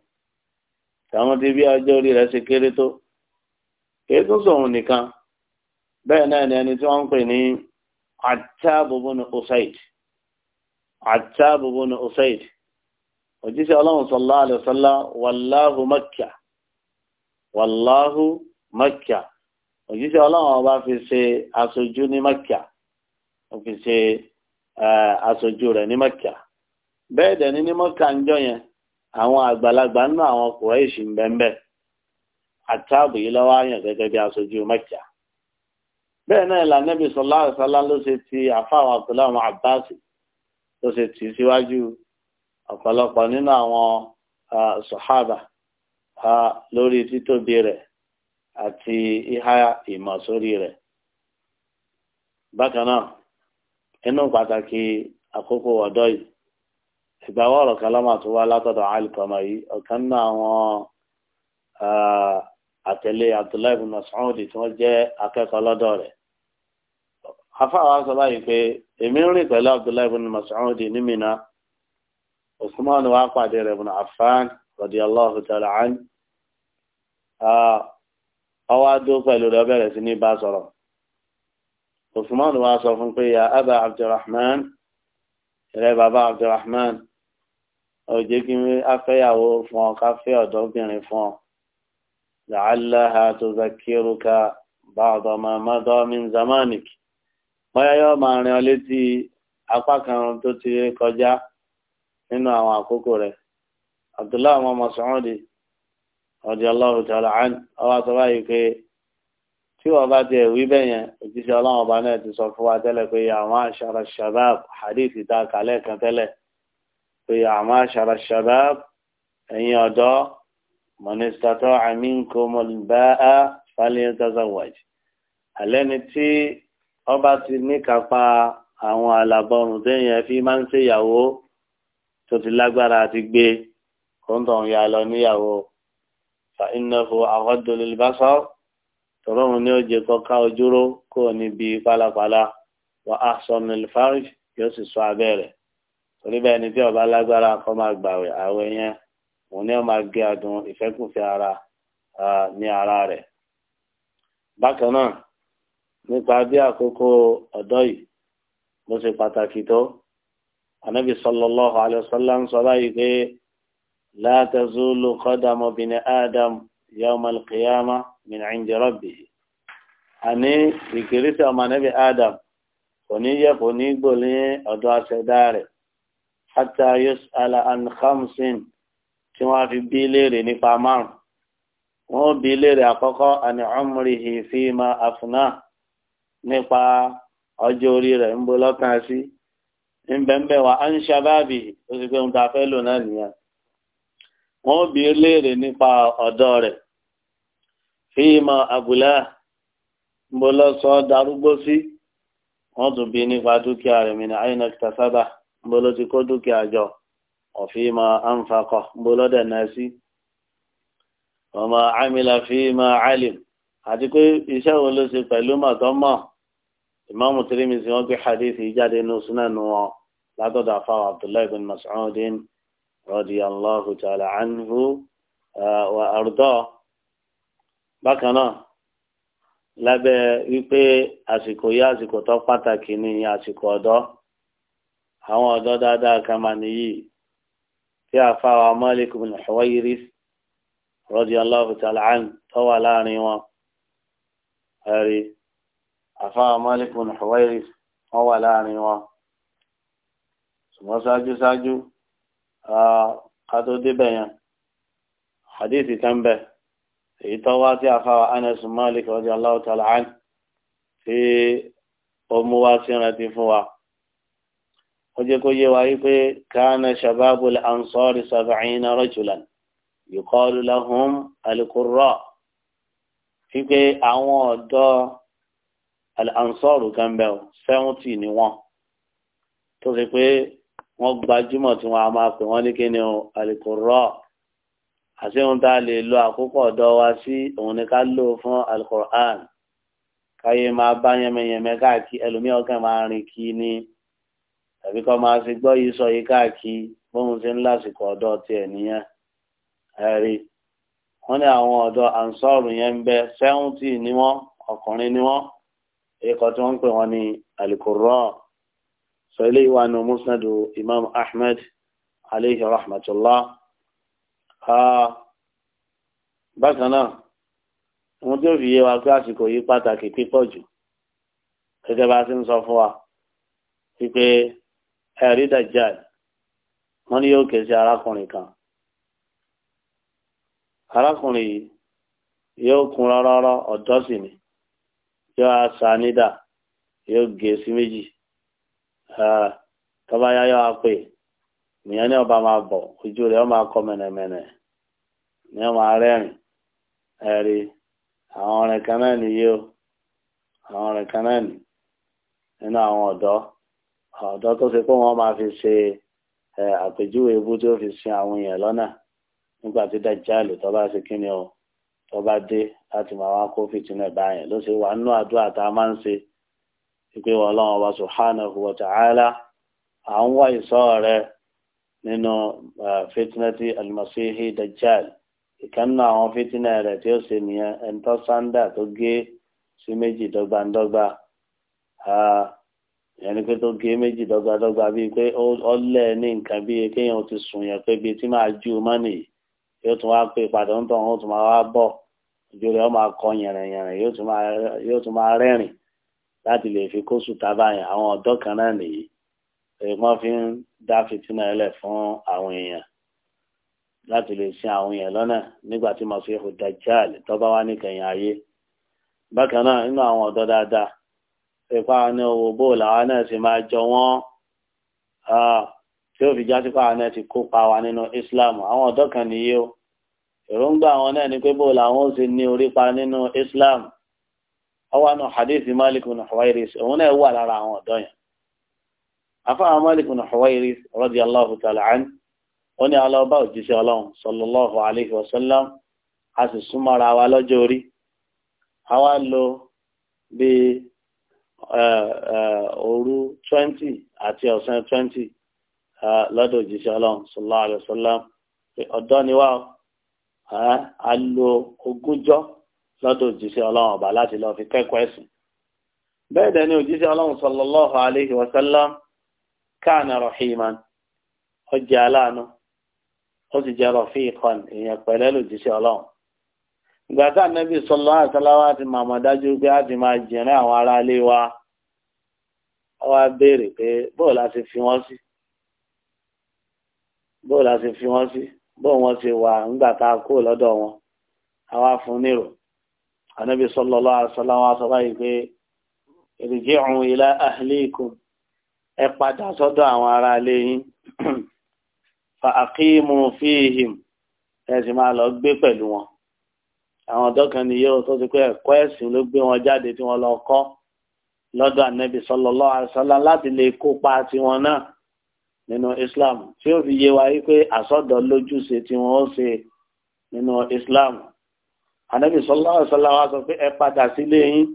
tàwọn ti bí ọjọ́ orí rẹ̀ ṣe kéré tó kéré tó sòun nìkan bẹ́ẹ̀ náà ni ẹni tí wọ́n ń pè ní àtàbùbù ní usaid àtàbùbù ní usaid òjíṣẹ́ ọlọ́run sallallahu alaihi wasallam wàláhù Makkah wàláhù Makkah òjíṣẹ́ ọlọ́run ọba fi ṣe aṣojú ní Makkah ó fi ṣe eh, aṣojú rẹ̀ ní Makkah bẹ́ẹ̀ dẹ̀ ni ní Makkah ń jọ yẹn. àwọn àgbàlagbà nínú àwọn kùrẹ́ẹ̀ṣì ń bẹ́ńbẹ́ àtààbù yìí lọ́wọ́ àyàn gẹ́gẹ́ bí aṣojú mẹ́kà bẹ́ẹ̀ náà lànàbì sọlá àṣálá ló ti àfáwọn abdullahi àwọn abbas ló ṣe tì síwájú ọ̀pọ̀lọpọ̀ nínú àwọn sọ̀hábà lórí títóbi rẹ̀ àti ìmọ̀ sórí rẹ̀ bákan náà inú pàtàkì àkókò ìgbàwọ́ ọ̀rọ̀ kan lọ́mà tó wá látọ̀dọ̀ alìkọ́mọ yìí ọ̀kan náà àwọn àtẹ̀lé Abdullahi ibn Mas'ud tí wọ́n jẹ́ akẹ́kọ̀ọ́ lọ́dọ̀ rẹ̀ afáwọn sọ báyìí pé èmi ń rìn pẹ̀lú Abdullahi ibn Mas'ud ní Mina Usman wa pàdé rẹ̀ ibn Affan radiyallahu ta'ala an ọwọ́ adó pẹ̀lú rẹ̀ bẹ̀rẹ̀ sí ní bá sọ̀rọ̀ Usman wa sọ fún pé ya Aba Abdurrahman rẹ̀ bàbá Abdurrahman ọ jẹ́ kí afẹ́yàwó fún ọ káfẹ́ ọ̀dọ́bìnrin fún ọ làálàá tó zakiruka báàdọ̀ mọ̀mọ́dọ́ min zamanik bóyá yóò máa rìn ọ létí apá kan tó ti kọjá nínú àwọn àkókò abdullahi ọmọ ọba tó báyìí pé tí wọ́n bá tiẹ̀ wí bẹ́ẹ̀ yẹn òjíṣẹ́ ọba náà ti sọ fún wa tẹ́lẹ̀ pé àwọn àṣàrà shabab hadith ìta kàlẹ́ kan tẹ́lẹ̀ في àmọ́ ṣàrà ṣàbá ẹ̀yin ọ̀dọ́ mọ̀nísítàtọ̀ àmínkò mọ̀lùbá á fálẹ́ tazawájì alẹ́ ni tí ọba ti níkàápa àwọn àlàbọ̀rùn téèyàn fi máa ń ṣèyàwó tó ti lágbára àti gbé kóńtọ̀ ń ya lọ níyàwó fa innahu aghaddu lil basar tọ́lọ́run ní oje kọ́ká ojúró kó o níbi pálapàla wa ahsanu lil farj yóò sì sọ abẹ́rẹ́ oníbẹ̀ ẹni tí ọba lágbára kọ́ máa gbàwẹ̀ àwẹ̀ yẹn òun ni ó máa gé adùn ìfẹ́kùnfẹ́ ara ní ara rẹ̀. bákan náà nípa bí àkókò ọ̀dọ́ yìí bó ṣe pàtàkì tó anabi sallallahu alayhi wa sallam sọ báyìí pé la tazulu qadamu bini adam yawma al-qiyama min indi rabbihi àní ìkìrísí ọmọ anabi adam kò ní yẹ kò ní gbò ní ọ̀dọ̀ rẹ̀. hatta ala an khamsin tí wọ́n fi bí léèrè nípa márùn wọ́n bí léèrè àkọ́kọ́ àni umrihi fima nípa ọjọ́ orí rẹ̀ ń lọ́kàn sí nbẹ̀nbẹ̀ wa an ṣabáàbì ó sì pé ohun tá a fẹ́ lò náà nìyẹn wọ́n bí léèrè nípa ọ̀dọ́ rẹ̀ àbúlá ń lọ́sọ̀ọ́ darúgbó sí wọ́n tún bó ló ti kó dúkìá jọ ọ̀fin máa ń fakọ̀ bó lọ́dẹ̀ náà sí ọmọ amílà fi máa alim àti pé iṣẹ́ wo ló ṣe pẹ̀lú màtọ́mọ̀ ìmáàmù Tirmidhi wọ́n gbé hadith jáde ní sunanu wọn látọ̀dọ̀ afáwọn abdullahi bin mas'udin radiyallahu ta'ala anhu wa arda bákan náà lábẹ́ wípé àsìkò yá àsìkò tó pàtàkì ní àsìkò ọ̀dọ́ àwọn ọ̀dọ́ dáadáa kan máa nìyí tí a fa wa Malik bin Huwayris radiyallahu ta'ala anhu tó wà láàrin wọn ẹ̀rí àfa wa Malik bin Huwayris wọ́n wà láàrin wọn ṣùgbọ́n ṣáájú ṣáájú ká tó débẹ̀ yẹn hadith kan bẹ̀ èyí tó wá tí a fa wa Anas Malik radiyallahu ta'ala anhu tí ó mú wá sí ìrántí fún wa ó jẹ́ kó yé wa wípé kánà shababul ansari sab'ina rajulan yuqalu lahum al-qurra wípé àwọn ọ̀dọ́ al-ansari kan bẹ̀ ọ́ sẹ́wọ́ntì ni wọ́n tó ṣe pé wọ́n gbajúmọ̀ tí wọ́n á máa pè wọ́n ní kíni o al àti ohun tá a lè lo àkókò ọ̀dọ́ wa sí òun ni ká lò fún al-Qur'an káyé máa bá yẹmẹyẹmẹ káàkiri ẹlòmíì máa rìn kí ni tàbí kọ́ máa ṣe gbọ́ yìí sọ yìí káàkiri bóun ṣe ń lásìkò ọ̀dọ́ tiẹ̀ nìyẹn ẹ̀rí wọ́n ní àwọn ọ̀dọ́ ansọ́ọ̀rù yẹn ń bẹ sẹ́wùntì ni wọ́n ọkùnrin ni wọ́n ikọ̀ tí wọ́n ń pè wọ́n ní alikoro sọ ilé ìwà nu musnadu imam ahmed aleyhi rahmatullah bákan náà ohun tí fi yé wa pé àsìkò yìí pàtàkì pípọ̀ jù gẹ́gẹ́ bá ti ń sọ fún wa wípé ẹ̀rí dajjal wọ́n ní yóò ké kan arákùnrin yìí yóò kún rárá ni yóò aṣa nídà yóò gé sí méjì tọ́ba yá yóò ọba ma bọ ojú rẹ̀ ó kọ mẹ̀nẹ̀mẹ̀nẹ̀ ní ọmọ arẹ́rìn ọ̀dọ́ tó ṣe pé wọ́n máa fi ṣe àpèjúwe ibú tí ó fi sin àwọn èèyàn lọ́nà nígbà tí dájálù tó bá ṣe kíni o tó bá dé láti máa wá kó fìtínà báyẹn ló ṣe wà nínú àdúrà tá a máa ń ṣe wípé ọlọ́run ọba subhanahu wa ta'ala à ń wá ìṣọ́ rẹ nínú fitinati almasihi dajjal ìkànnà àwọn fitinà rẹ tí ó ṣe nìyẹn ẹ̀ńtọ́ sándà tó gé sí méjì dọ́gbandọ́gba. ẹni pé tó gé méjì dọ́gbadọ́gba bíi pé ọlẹ́ ní nǹkan bíi kéèyàn ti sùn yẹn pé bíi tí máa ju mọ́ nìyí yóò tún wá pé padà ń tọ̀ tún máa wá bọ̀ ojú rẹ̀ ọ́ máa kọ yẹ̀rẹ̀yẹ̀rẹ̀ yóò tún máa láti lè fi kóṣù tábà yẹn àwọn ọ̀dọ́ kan náà nìyí fi ń dá ẹlẹ̀ fún àwọn èèyàn láti lè sin àwọn èèyàn lọ́nà nígbà tí bá wá níkẹyìn ayé bákan náà nínú ṣèpá ní owó bó làwọn náà sì máa jọ wọ́n tí ó fi já sípà náà ti kópa wa nínú Islam àwọn ọ̀dọ́ kan nìyí o èròǹgbà àwọn náà ni pé bó làwọn ó sì ní orípa nínú Islam ọwọ́ àná hadith Malik bin Huwairis òun náà wà lára àwọn ọ̀dọ́ yẹn afáwọn Malik bin Huwairis radiyallahu ta'ala anhu ó ní alọ́ọ̀bá òjíṣẹ́ ọlọ́run sallallahu alayhi wa a sì súnmọ́ra wa lọ́jọ́ orí àwa lo bíi òru twenty àti ọ̀sán twenty lọ́dọ̀ òjíṣẹ́ ọlọ́run sallallahu alaihi wasallam ọ̀dọ́ ni wá a lo ogúnjọ́ lọ́dọ̀ òjíṣẹ́ ọlọ́run ọba láti lọ́ọ́ fi kẹ́kọ̀ọ́ ẹ̀sìn bẹ́ẹ̀ dẹ̀ ni òjíṣẹ́ ọlọ́run sallallahu alaihi wasallam kana rahiman ó jẹ́ aláàánú ó sì jẹ́ rafiqan ìyẹn pẹ̀lẹ́ lòjíṣẹ́ ọlọ́run gata tá ànábì sọlọ ti màmá dájú pé a ti máa jẹrin àwọn ará wa wá bere pe bóò la fi won si bóò la fi won si bóò ti wa nígbà tá a kó sọlọ lọ irji'u ila ahlikum ẹ padà sọ́dọ̀ àwọn ará [clears throat] fa aqimu fihim àwọn ọ̀dọ́ kan nìyẹn o tó ti pé ẹ̀kọ́ ẹ̀sìn ló gbé wọn jáde tí wọ́n lọ kọ́ lọ́dọ̀ ànẹ́bí sallallahu alaihi wasallam láti lè kópa tiwọn náà nínú Islam tí ó fi yé wa wípé àsọdọ̀ lójúṣe tí wọ́n ó ṣe nínú Islam ànẹ́bí sallallahu alaihi wasallam wa sọ pé ẹ padà sílé yín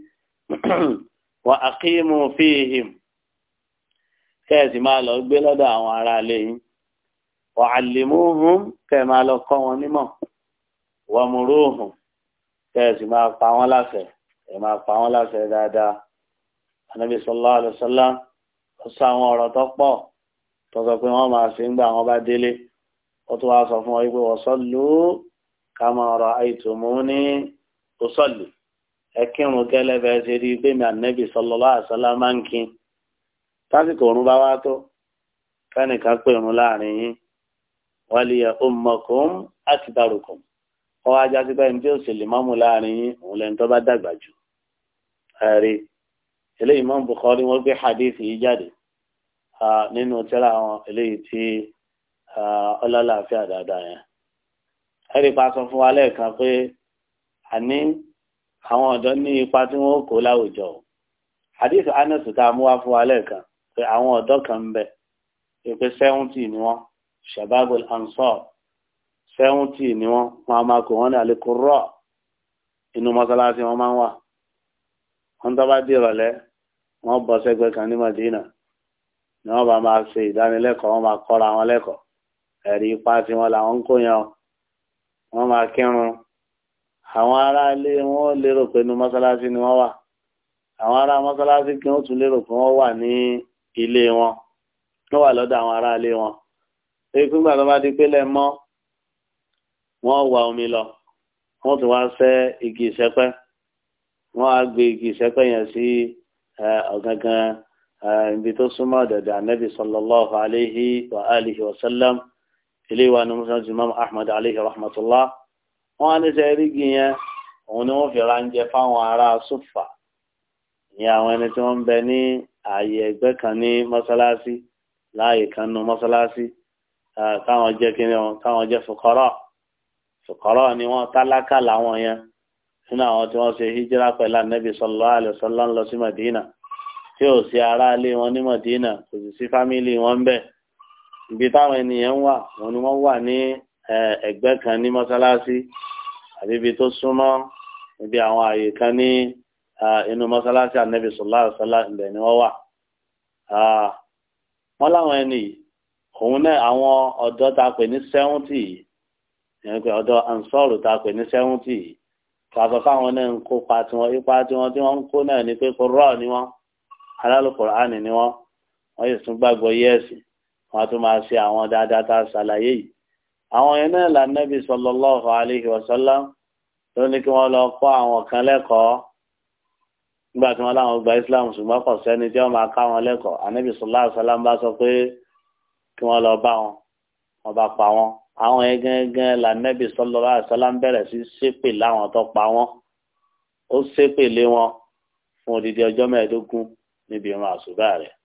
[clears throat] wa aqimu fihim kẹ́ẹ̀sì máa lọ gbé lọ́dọ̀ àwọn ará ilé yín wa allimuhum kẹ́ẹ̀ máa lọ kọ́ wọn nímọ̀ wa muruhum kẹ́ẹ̀sì máa pa wọ́n láṣẹ ẹ̀ máa pa wọ́n láṣẹ dáadáa anabi sallallahu alaihi wasallam ó sọ àwọn ọ̀rọ̀ tó pọ̀ tó sọ pé wọ́n máa ṣe ń gbà wọ́n bá délé ó tún wáá sọ fún ọ wípé wasallu kama ra'aytumuni usalli ẹ kírun gẹ́lẹ́ bẹ́ẹ̀ ṣe rí i pé mi anabi sallallahu alaihi máa ń kin tásìkò òrun bá wá tó kẹ́nìkan pè òrun láàrin yín waliya ummakum akbarukum kọ́ ajá sí pé ẹni tí ó sì lè mọ́mù láàrin yín òun lẹ́ni tó bá dàgbà jù ẹ̀rí eléyìí Imam Bukhari wọ́n gbé hadith yìí jáde nínú tírà àwọn eléyìí tí ọlọ́láàfíà dáadáa yẹn ẹ̀rí pa sọ fún wa lẹ́ẹ̀kan pé àní àwọn ọ̀dọ́ ní ipa tí wọ́n kó láwùjọ hadith Anas tá mú wá fún wa lẹ́ẹ̀kan pé àwọn ọ̀dọ́ kan ń bẹ pé seventy ni wọ́n shababul ansar sẹ́wọ́ntì ni wọ́n máa máa kò wọ́n ní àlékúrọ́ inú mọ́sálásí wọn máa ń wà wọ́n tó bá dé ìrọ̀lẹ́ wọ́n bọ́ sẹ́gbẹ́ kan ní Madina ni wọ́n bá máa ṣe ìdánilẹ́kọ̀ọ́ wọ́n máa kọ́ra wọn lẹ́kọ̀ọ́ ẹ̀rí ipa tí wọ́n làwọn ń kó yẹn wọ́n máa kírun àwọn ará ilé wọn lérò pé inú mọ́sálásí ni wọ́n wà àwọn ará mọ́sálásí kí wọ́n tún lérò pé wọ́n wà ní ilé wọn wọ́n wà lọ́dọ̀ àwọn ará ilé wọn èyí kúgbà tó bá di pé mọ́ wọ́n wá omi lọ wọ́n tún wá sẹ́ igi ìsẹ́pẹ́ wọ́n á gbé igi ìsẹ́pẹ́ yẹn sí ọ̀gángan ibi tó súnmọ́ ọ̀dọ̀dọ̀ anabi sallallahu alayhi wa alihi wa sallam ilé wa ni musa jimá ahmed alayhi rahmatullah wọ́n á ní sẹ́ rígi yẹn òun ni wọ́n fi ránjẹ fáwọn ará sùfà ní àwọn ẹni tí wọ́n ń bẹ ní ààyè ẹgbẹ́ kan ní mọ́sálásí láàyè kan nu mọ́sálásí táwọn jẹ́ kíni wọn táwọn jẹ́ fukara. sùkọ́rọ́ ni wọ́n tálákà làwọn yẹn nínú àwọn tí wọ́n ṣe hijira pẹ̀lú anabi sallallahu alaihi wasallam lọ sí Madina tí ò sí aráalé wọn ní Madina kò sì sí fámìlì wọn bẹ́ẹ̀ ibi táwọn ènìyàn wà wọn ni wọ́n wà ní ẹgbẹ́ kan ní mọ́sálásí àbí ibi tó súnmọ́ ibi àwọn àyè kan ní inú anabi ni wọ́n wà wọ́n láwọn ẹni òun náà àwọn ọ̀dọ́ ta pè ìyẹn pé ọ̀dọ̀ ansọ́ọ̀lù ta pè ní sẹ́wọ́ntì yìí pàtó káwọn náà ń kópa tiwọn ipa tiwọn tí wọ́n ń kó náà ni pé kúrọ́ ni wọ́n alálùkọ̀rọ̀ àní ni wọ́n wọ́n yìí tún gbàgbọ́ yẹ́ẹ̀sì wọ́n tún máa ṣe àwọn dáadáa tá a ṣàlàyé yìí àwọn yẹn náà là nẹ́bí sallallahu alaihi wasallam ló ní kí wọ́n lọ kọ́ àwọn kan lẹ́kọ̀ọ́ nígbà tí wọ́n láwọn gba islam ṣùgbọ́n kò sẹ́ni tí wọ́n máa ká wọn lẹ́kọ̀ọ́ ànẹ́bí sallallahu alaihi wasallam bá sọ pé kí wọ́n lọ bá wọn wọ́n bá pa wọn àwọn yẹn gángan lànàbì sallallahu alaihi wasallam bẹ̀rẹ̀ sí ṣépè láwọn tó pa wọ́n ó ṣépè lé wọn fún odidi ọjọ́ mẹ́ẹ̀ẹ́dógún níbi ìran àṣùbà rẹ̀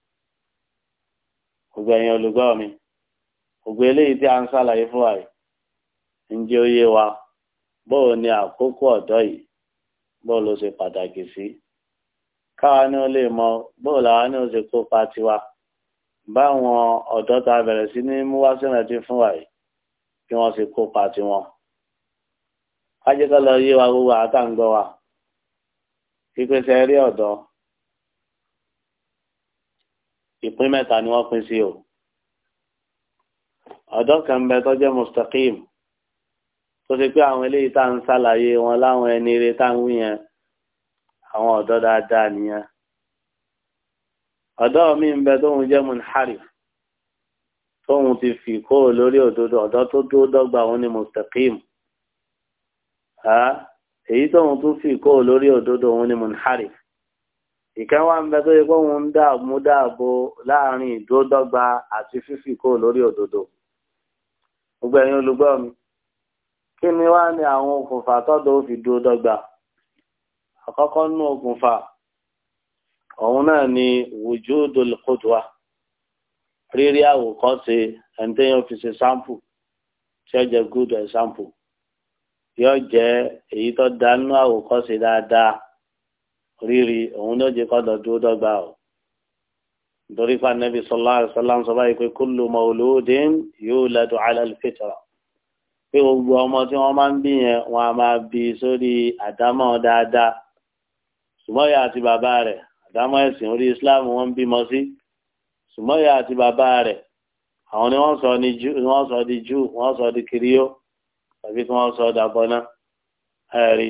gbogbo ẹ̀yin olùgbọ́ mi gbogbo eléyìí tí a ń ṣàlàyé fún wa yìí ń jẹ́ ó wa bóò ni àkókò ọ̀dọ́ yìí bóò ló ṣe pàtàkì sí káwa ní ó lè mọ bóò làwa ní ó ṣe kópa tiwa báwọn ọ̀dọ́ ta bẹ̀rẹ̀ sí ní mú wá sínú ẹtí fún wa yìí kí wọ́n sì kópa tiwọn. kájíkọ́ yé wa gbogbo àtàǹgbọ́ wa ìpèsè ẹ̀rí ọ̀dọ́ ìpín mẹ́ta ni wọ́n pín sí o ọ̀dọ́ kan bẹ tó jẹ́ mustaqim tó ti pé àwọn eléyìí tá ń wọn láwọn ẹni tóun ti fi kó lórí òdodo ọ̀dọ́ tó dúró dọ́gba òun ni mustaqim èyí tóun tún fi kó lórí òdodo òun ni munharif ìkan wá ń bẹ tó yẹ pé òun ń dààmú dáàbò láàrin ìdúró dọ́gba àti fífi kó lórí òdodo gbogbo ẹ̀yin olùgbọ́ mi kí ni wá ní àwọn okùnfà tọ́dọ̀ ó fi dúró dọ́gba àkọ́kọ́ nínú okùnfà òun náà ni wujudul qudwa rírí àwòkọ́ṣe ẹni téèyàn fi ṣe sáǹpù tí ó jẹ good example yóò jẹ èyí tó da nínú àwòkọ́ṣe dáadáa rírí òun ló jẹ kọdọ dúró dọ́gba o nítorí pa nẹbi sọlá àṣọlá ń sọ báyìí pé kullu mawludin yuladu ala al-fitra pé gbogbo ọmọ tí wọn máa ń bí yẹn wọn a máa bí sórí àdámọ̀ dáadáa ṣùgbọ́n ìyá àti bàbá rẹ̀ àdámọ̀ ẹ̀sìn orí islam wọn ń bímọ sí sùmọ́yà àti bàbá rẹ̀ àwọn ni wọ́n sọ ni jù wọ́n sọ di jù wọ́n sọ di kiriyó tàbí kí wọ́n sọ dàbọ̀nà ẹ̀rí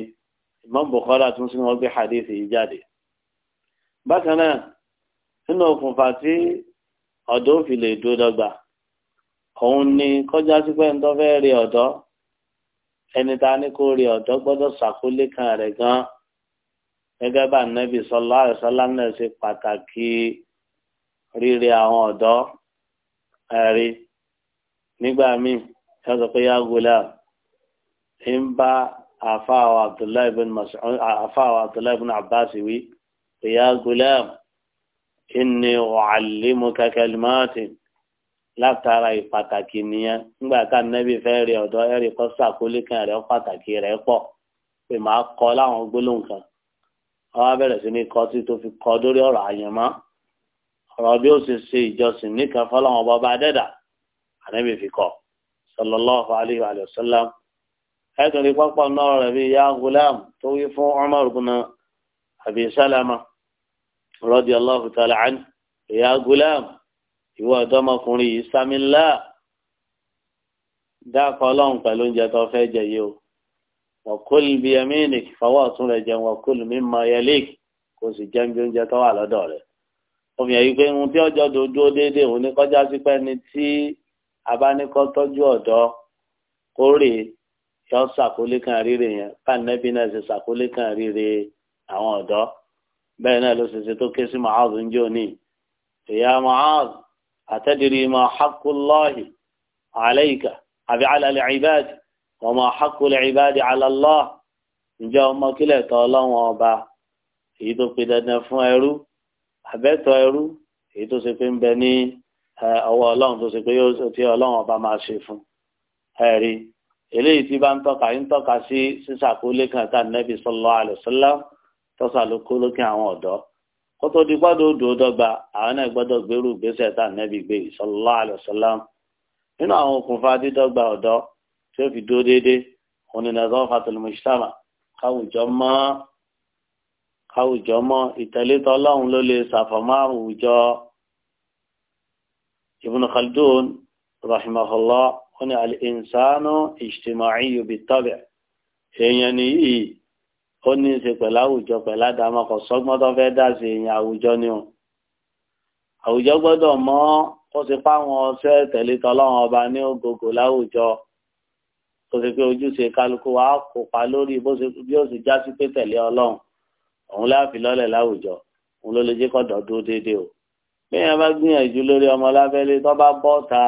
Imam Bukhari tún sí wọn gbé hadith yìí jáde. bákan náà nínú òkùnfà tí ọ̀dọ́ fi lè dúró dọ́gba òun ni kọjá sí pé ńdọ́ fẹ́ rí ọ̀dọ́ ẹni tá a ní rí ọ̀dọ́ gbọ́dọ̀ ṣàkólé kan rẹ̀ gan gẹ́gẹ́ bá nẹ́bí sallallahu alaihi wasallam ṣe pàtàkì rírẹ àwọn ọdọ ẹ̀rí nígbà míì yọ sọ pé yá gulam ń bá àfáàwọ̀ Abdullahi bin Mas'ud àfáàwọ̀ Abdullahi bin Abbas wí pé yá gulam inni u'allimuka látara ìpàtàkì nìyẹn nígbà tá nẹ́bí fẹ́ rí ọ̀dọ́ ẹ̀rí kọ́ sàkólé kan rẹ̀ pàtàkì rẹ̀ pọ̀ pé láwọn fi dórí ọ̀rọ̀ bí ó ṣe ṣe ìjọsìn nìkan fọlọ́wọn bàbá dẹ́dà ànábì fi kọ́ sallallahu alayhi wa sallam ẹ̀tọ́ ní pápá náà rẹ̀ bí ya gulam tó wí fún Umar bin Abi Salama radiyallahu ta'ala anhu ya gulam ìwọ ọ̀dọ́mọkùnrin yìí sámílá dákọ̀ ọlọ́run pẹ̀lú oúnjẹ tó fẹ́ jẹ yìí o wọ́kùl bí yaminik fọwọ́ ọ̀tún rẹ̀ jẹun wọ́kùl mimma yalik kò sì jẹun bí oúnjẹ tó wà lọ́dọ̀ rẹ̀ obìnrin yìí pé ohun tí ọjọ́ tó dúró déédéé òun ní kọjá sí pé ẹni tí abánikọ́ tọ́jú ọ̀dọ́ kórè yọ ṣàkólé kan rírè yẹn pàǹdẹ́bí náà ṣe ṣàkólé kan rírè àwọn ọ̀dọ́ bẹ́ẹ̀ náà ló ṣe ṣe tó ké sí Mu'adh ń jò ní ìyá Mu'adh àtẹ́dìrí ma haqqullahi alayka àbí ala al-ibad ma haqqul ibadi ala ǹjẹ́ ọmọ kílẹ̀ tọ́ ọlọ́wọ́n ọba èyí tó pe dandan fún ẹrú àbẹ́tọ̀ ẹrú èyí tó ṣe pé ń bẹ ní ọwọ́ ọlọ́run tó ṣe pé yóò ti ọlọ́run ọba máa ṣe fún ẹ̀rí eléyìí tí bá ń tọ́ka ń tọ́ka sí sísàkólé kan tá nẹ́bí sallallahu alaihi wasallam tọ́sà ló kó lókè àwọn ọ̀dọ́ kó tó di gbọ́dọ̀ odò dọ́gba àwọn náà gbọ́dọ̀ gbèrú ìgbésẹ̀ tá nẹ́bí gbé sallallahu alaihi wasallam nínú àwọn okùnfà dídọ́gba ọ̀dọ́ tí ó fi dúró déédéé òun ni nàzọ́ fatul mujtama káwùjọ mọ́ àwùjọ mọ́ ìtẹ̀lẹ́tọ̀ ọlọ́run ló lè ṣàfọ̀mọ́ àwùjọ Ibn Khaldun rahimahullah ó ní al-insanu ijtima'iyyun bit-tab' èèyàn nìyí ó ní í ṣe pẹ̀lú àwùjọ pẹ̀lú àdámọ́kọ̀ sọ́gbọ́n tó fẹ́ dá sí èèyàn àwùjọ ni o àwùjọ gbọ́dọ̀ mọ̀ ó ti fáwọn ọṣẹ tẹ̀lẹ́tọ̀ ọlọ́run ọba ní ògògò láwùjọ tó ṣe pé ojúṣe kálukú wa kópa lórí bí ó ṣe já sí pé tẹ̀lé ọlọ́run òun láàfin lọ́lẹ̀ láwùjọ òun ló lè jẹ́ kọ́dọ̀ dúró déédéé o bí yẹn bá gbìyànjú lórí ọmọ lábẹ́lé tó bá bọ́ ta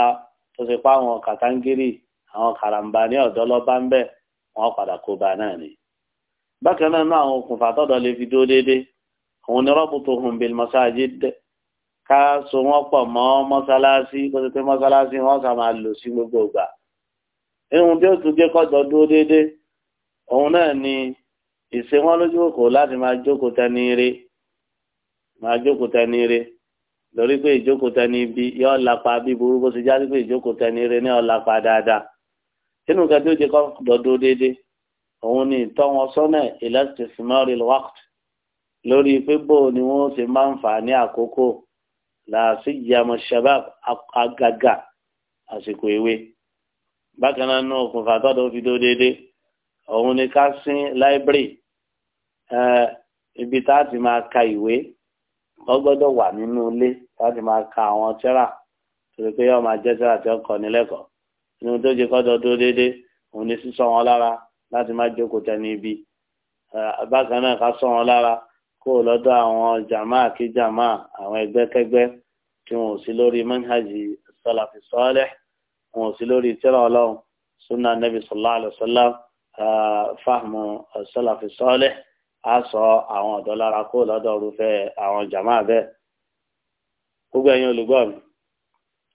tó ti pa àwọn kàtàngírì àwọn karambà ní ọ̀dọ́ lọ́ba ń bẹ̀ wọ́n padà kó ba náà ni. bákan náà náà àwọn okùnfà tọ́dọ̀ lè fi dúró déédéé òun ni rabbutuhum bil masajid ká so wọ́n pọ̀ mọ́ mọ́sálásí kó tó pé mọ́sálásí wọ́n sà máa lò sí gbogbo ìgbà. ihun tí ó tún jẹ́ kọ́dọ̀ dúró déédéé òun náà ni ìṣe wọn lójú kò láti máa jókòó tẹni ire máa jókòó tẹni ire lórí pé ìjókòó tẹni ibi yọ lápá bí burú bó ṣe jáde pé ìjókòó tẹni ire ní ọlápá dáadáa sínú kan tó jẹ kọ dọdọ déédéé òun ni ìtọ́ wọn sọ́nà elasticimori wakt lórí pé bó ni wọ́n ṣe máa ń fà ní àkókò làásì yamọ shabab agaga àsìkò èwe bákan náà nù okùnfà tọ́dọ̀ fi dó déédéé òun ni ká sín láìbírì ibi tá a ti máa ka ìwé wọ́n gbọ́dọ̀ wà nínú ilé tá a ti máa ka àwọn tírà torí pé yóò máa jẹ́ tírà tí ó kọ́ ni lẹ́kọ̀ọ́ inú tó jẹ́ kọ́dọ̀ dúró déédéé òun ni sísọ wọn lára láti má jókòó tẹni ibi bákan náà ká sọ wọn lára kó o lọ́dọ̀ àwọn jàmáà kí jàmáà àwọn ẹgbẹ́kẹ́gbẹ́ tí wọn ò sí lórí manhaji salafi sọ́ọ́lẹ̀ wọn ò sí lórí tírà ọlọ́run sunna nabi sallallahu alayhi wa sallam fáàmù sọlọ́fì sọ́ọ́lẹ̀ á sọ àwọn ọ̀dọ́ lára kó lọ́dọ̀ rúfẹ́ àwọn jàmá bẹ́ẹ̀ gbogbo ẹ̀yin olùgbọ́ mi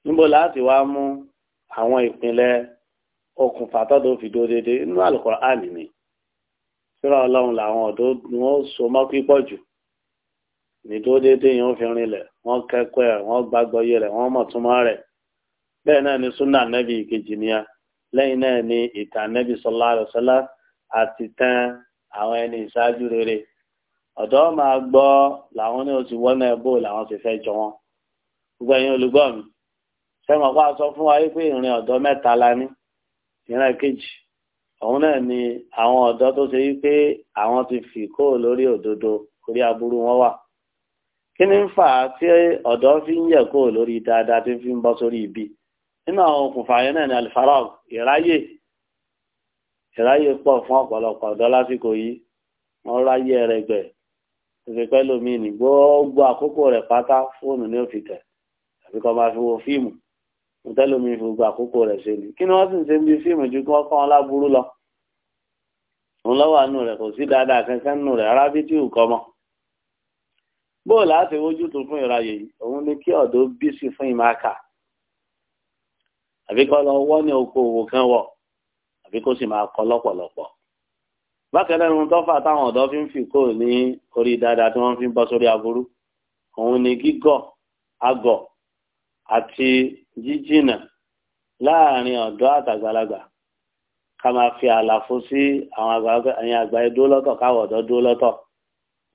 níbo láti wá mú àwọn ìpínlẹ̀ okùnfà tọ́dọ̀ fi dúró déédéé inú Al-Qur'an ni síra ọlọ́run làwọn ọ̀dọ́ ni wọ́n so mọ́ pípọ̀ jù ní dúró déédéé fi rinlẹ̀ wọ́n kẹ́kọ̀ọ́ ẹ̀ wọ́n gbàgbọ́ yé rẹ̀ wọ́n mọ̀ túmọ̀ rẹ̀ náà ni súnà nẹ́bí ìkejì nìyẹn lẹ́yìn náà ni ìtàn nẹ́bí sọlá àlọ́sọ́lá àti tán àwọn ẹni ìṣáájú rere ọ̀dọ́ máa gbọ́ làwọn ní oṣù wọ́nà ẹ̀bó làwọn ti fẹ́ jọ wọn gbogbo ẹ̀yin olùgbọ́ mi sẹ́mọ̀ pa sọ fún wa wípé ìrìn ọ̀dọ́ mẹ́ta la ní ìran kejì òun náà ni àwọn ọ̀dọ́ tó ṣe wípé àwọn ti fi kó lórí òdodo orí aburú wọn wà kí ni ń fà á tí ọ̀dọ́ fi ń yẹ̀ kó lórí dáadáa tí fi ń bọ́ sórí ibi nínú àwọn okùnfà yẹn náà ni alifarag ìráyè ìráyè pọ̀ fún ọ̀pọ̀lọpọ̀ ọ̀dọ́ lásìkò yìí wọ́n ráyè ẹrẹgbẹ ìfẹ́ pẹ̀lú mi ní gbogbo àkókò rẹ̀ pátá fóònù ní òfin àbí kọ́ máa fi wo fíìmù mọ̀tẹ́lù mi fi gbogbo àkókò rẹ̀ ṣe ni kí ni wọ́n sì ń ṣe bí fíìmù ju kí wọ́n kọ́ wọn láburú lọ òun lọ́wọ́ àánú rẹ̀ kò sí dáadáa kankan nù rẹ̀ arábí tí ò kọ́ mọ́ bóòlù àti ojútùú fún ìráyè yìí òun ni kí ọ̀dọ́ bí sí fún ìmáka àbí kọ́ lọ wọ́ ní oko òwò kan wọ̀ àbí kó sì máa kọ́ lọ́pọ̀lọpọ̀. bákan náà ohun tó fà táwọn ọ̀dọ́ fi ń fi kó ní orí dáadáa tí wọ́n fi ń bọ́ sórí aburú òun ni gígọ̀ agọ̀ àti jíjìnà láàrin ọ̀dọ́ àtàgbàlagbà ká máa fi àlàfo sí àwọn àgbà ẹdó lọ́tọ̀ káwọ̀ ọ̀dọ́ dó lọ́tọ̀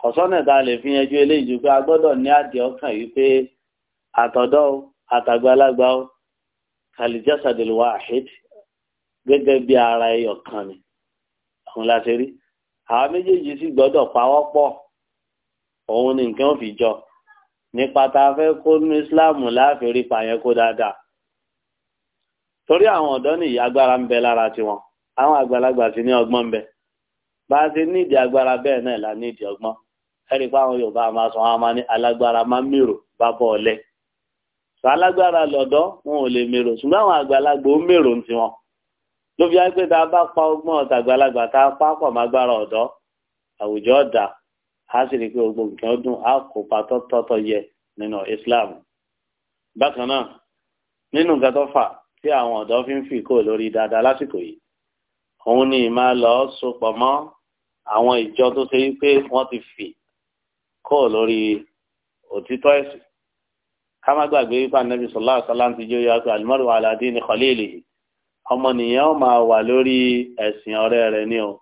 kọ̀sọ́nà tá a lè fi yanjú eléyìí ju pé a gbọ́dọ̀ ní àdìẹ́ yìí pé àtọ̀dọ́ àtàgbàlagbà o kàlìjásadìlì wahid gẹ́gẹ́ bí ara ẹyọ kan ni òun la ṣe rí àwọn méjèèjì sì gbọ́dọ̀ pawọ́pọ̀ òun ni nǹkan fi jọ nípa tá a fẹ́ kó ní islam láàfin rí pa yẹn kó dáadáa torí àwọn ọ̀dọ́ nìyí agbára ń bẹ lára tiwọn àwọn àgbàlagbà sì ní ọgbọ́n ń bẹ bá a ṣe nídìí agbára bẹ́ẹ̀ náà la nídìí ọgbọ́n ẹ̀rí pa àwọn yorùbá máa sọ wọn máa ní alágbára máa ń mìrò bá bọ́ ọ lẹ́ẹ̀ alágbára lọ́dọ́ wọn ò lè mèrò ṣùgbọ́n àwọn àgbàlagbà ó mèrò ń tiwọn ló fi wáyé pé tá a bá pa ọgbọ́n ọ̀tàgbàlagbà tá a pa pọ̀ mágbára ọ̀dọ́ àwùjọ ọ̀dà á sì rí i pé gbogbo nǹkan dùn á kó pa tọ́tọ́tọ́ yẹ nínú Islam bákan náà nínú nǹkan tó fà tí àwọn ọ̀dọ́ fi ń fi kó lórí dáadáa lásìkò yìí òun ni ìmá lọ sopọ̀ mọ́ àwọn ìjọ tó ṣe wípé wọ́n ti fi kó lórí òtítọ́ ẹ̀sìn ká má gbàgbé wípé anabi sọlá àṣálá ti jẹ́ oyè àti alimọ́rù aládé ní kọ́lẹ́ẹ̀lì ọmọnìyàn ó máa wà lórí ẹ̀sìn ọ̀rẹ́ rẹ̀ ní o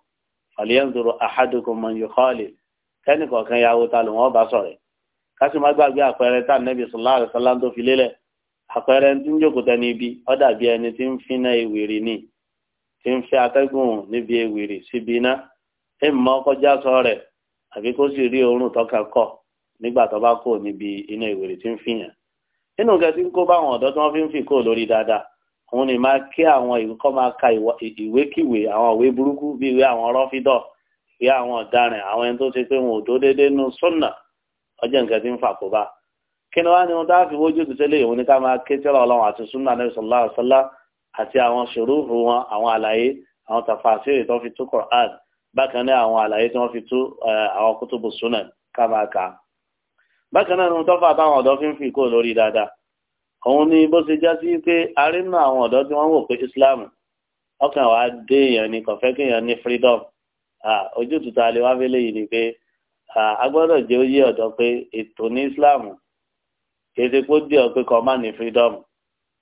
fàlẹ́ǹdòrò àhádùkùn mọ̀ yìí kọ́ọ̀lì kẹ́nìkọ̀ọ̀kan yàwó ta ló wọ́n bá sọ̀rẹ̀ ká sì má gbàgbé àpẹẹrẹ tá anabi sọlá àṣálá tó fi lélẹ̀ àpẹẹrẹ tí ń jókòó tẹni ibi ó dàbí ẹni tí ń finá ewìrì ni tí ń fẹ́ atẹ́gùn níbi ewìrì síbi iná ẹ̀ mọ́ kọjá sọ rẹ̀ àbí kó sì rí oorun tọ́ka kọ̀ nígbà tó bá kò níbi iná ìwèrè tí ń fìyàn nínú nǹkan tí ń kó báwọn ọ̀dọ́ tí wọ́n fi ń fi kó lórí dáadáa òun ni máa kí àwọn ìkọ́ máa ka ìwékìwé àwọn ìwé burúkú bíi ìwé àwọn rọ́fídọ̀ ìwé àwọn ọ̀daràn àwọn ẹni tó ṣe pé wọn ò tó déédéé nu sùnnà ọjọ́ nǹkan tí ń fàkóbá kí ni wá ní wọn dáàfi wójú tó tẹ́lẹ̀ ìwé ní ká máa ké tẹ́lẹ̀ ọlọ́run àti sùnnà Ànábì sallallahu alaihi àti àwọn ṣòrúfù wọn àwọn àlàyé àwọn tàfàṣírì tó fi tú Qur'an bákan náà àwọn àlàyé tí wọ́n fi tú eh, àwọn kútùbù sùnnà ká máa kà á bákan náà ni wọ́n tọ́fà táwọn ọ̀dọ́ fi ń fi kó lórí dáadáa òun ni bó ṣe já sí pé arínà àwọn ọ̀dọ́ tí wọ́n wò pé Islam ọkàn wa dé èèyàn ni kò fẹ́ kéèyàn ní freedom ojútùú tá a lè wá fẹ́lẹ́ yìí ni pé a gbọ́dọ̀ jẹ́ oyé ọ̀dọ́ pé ètò ní Islam kéde kó dé ọ pé kò má ní freedom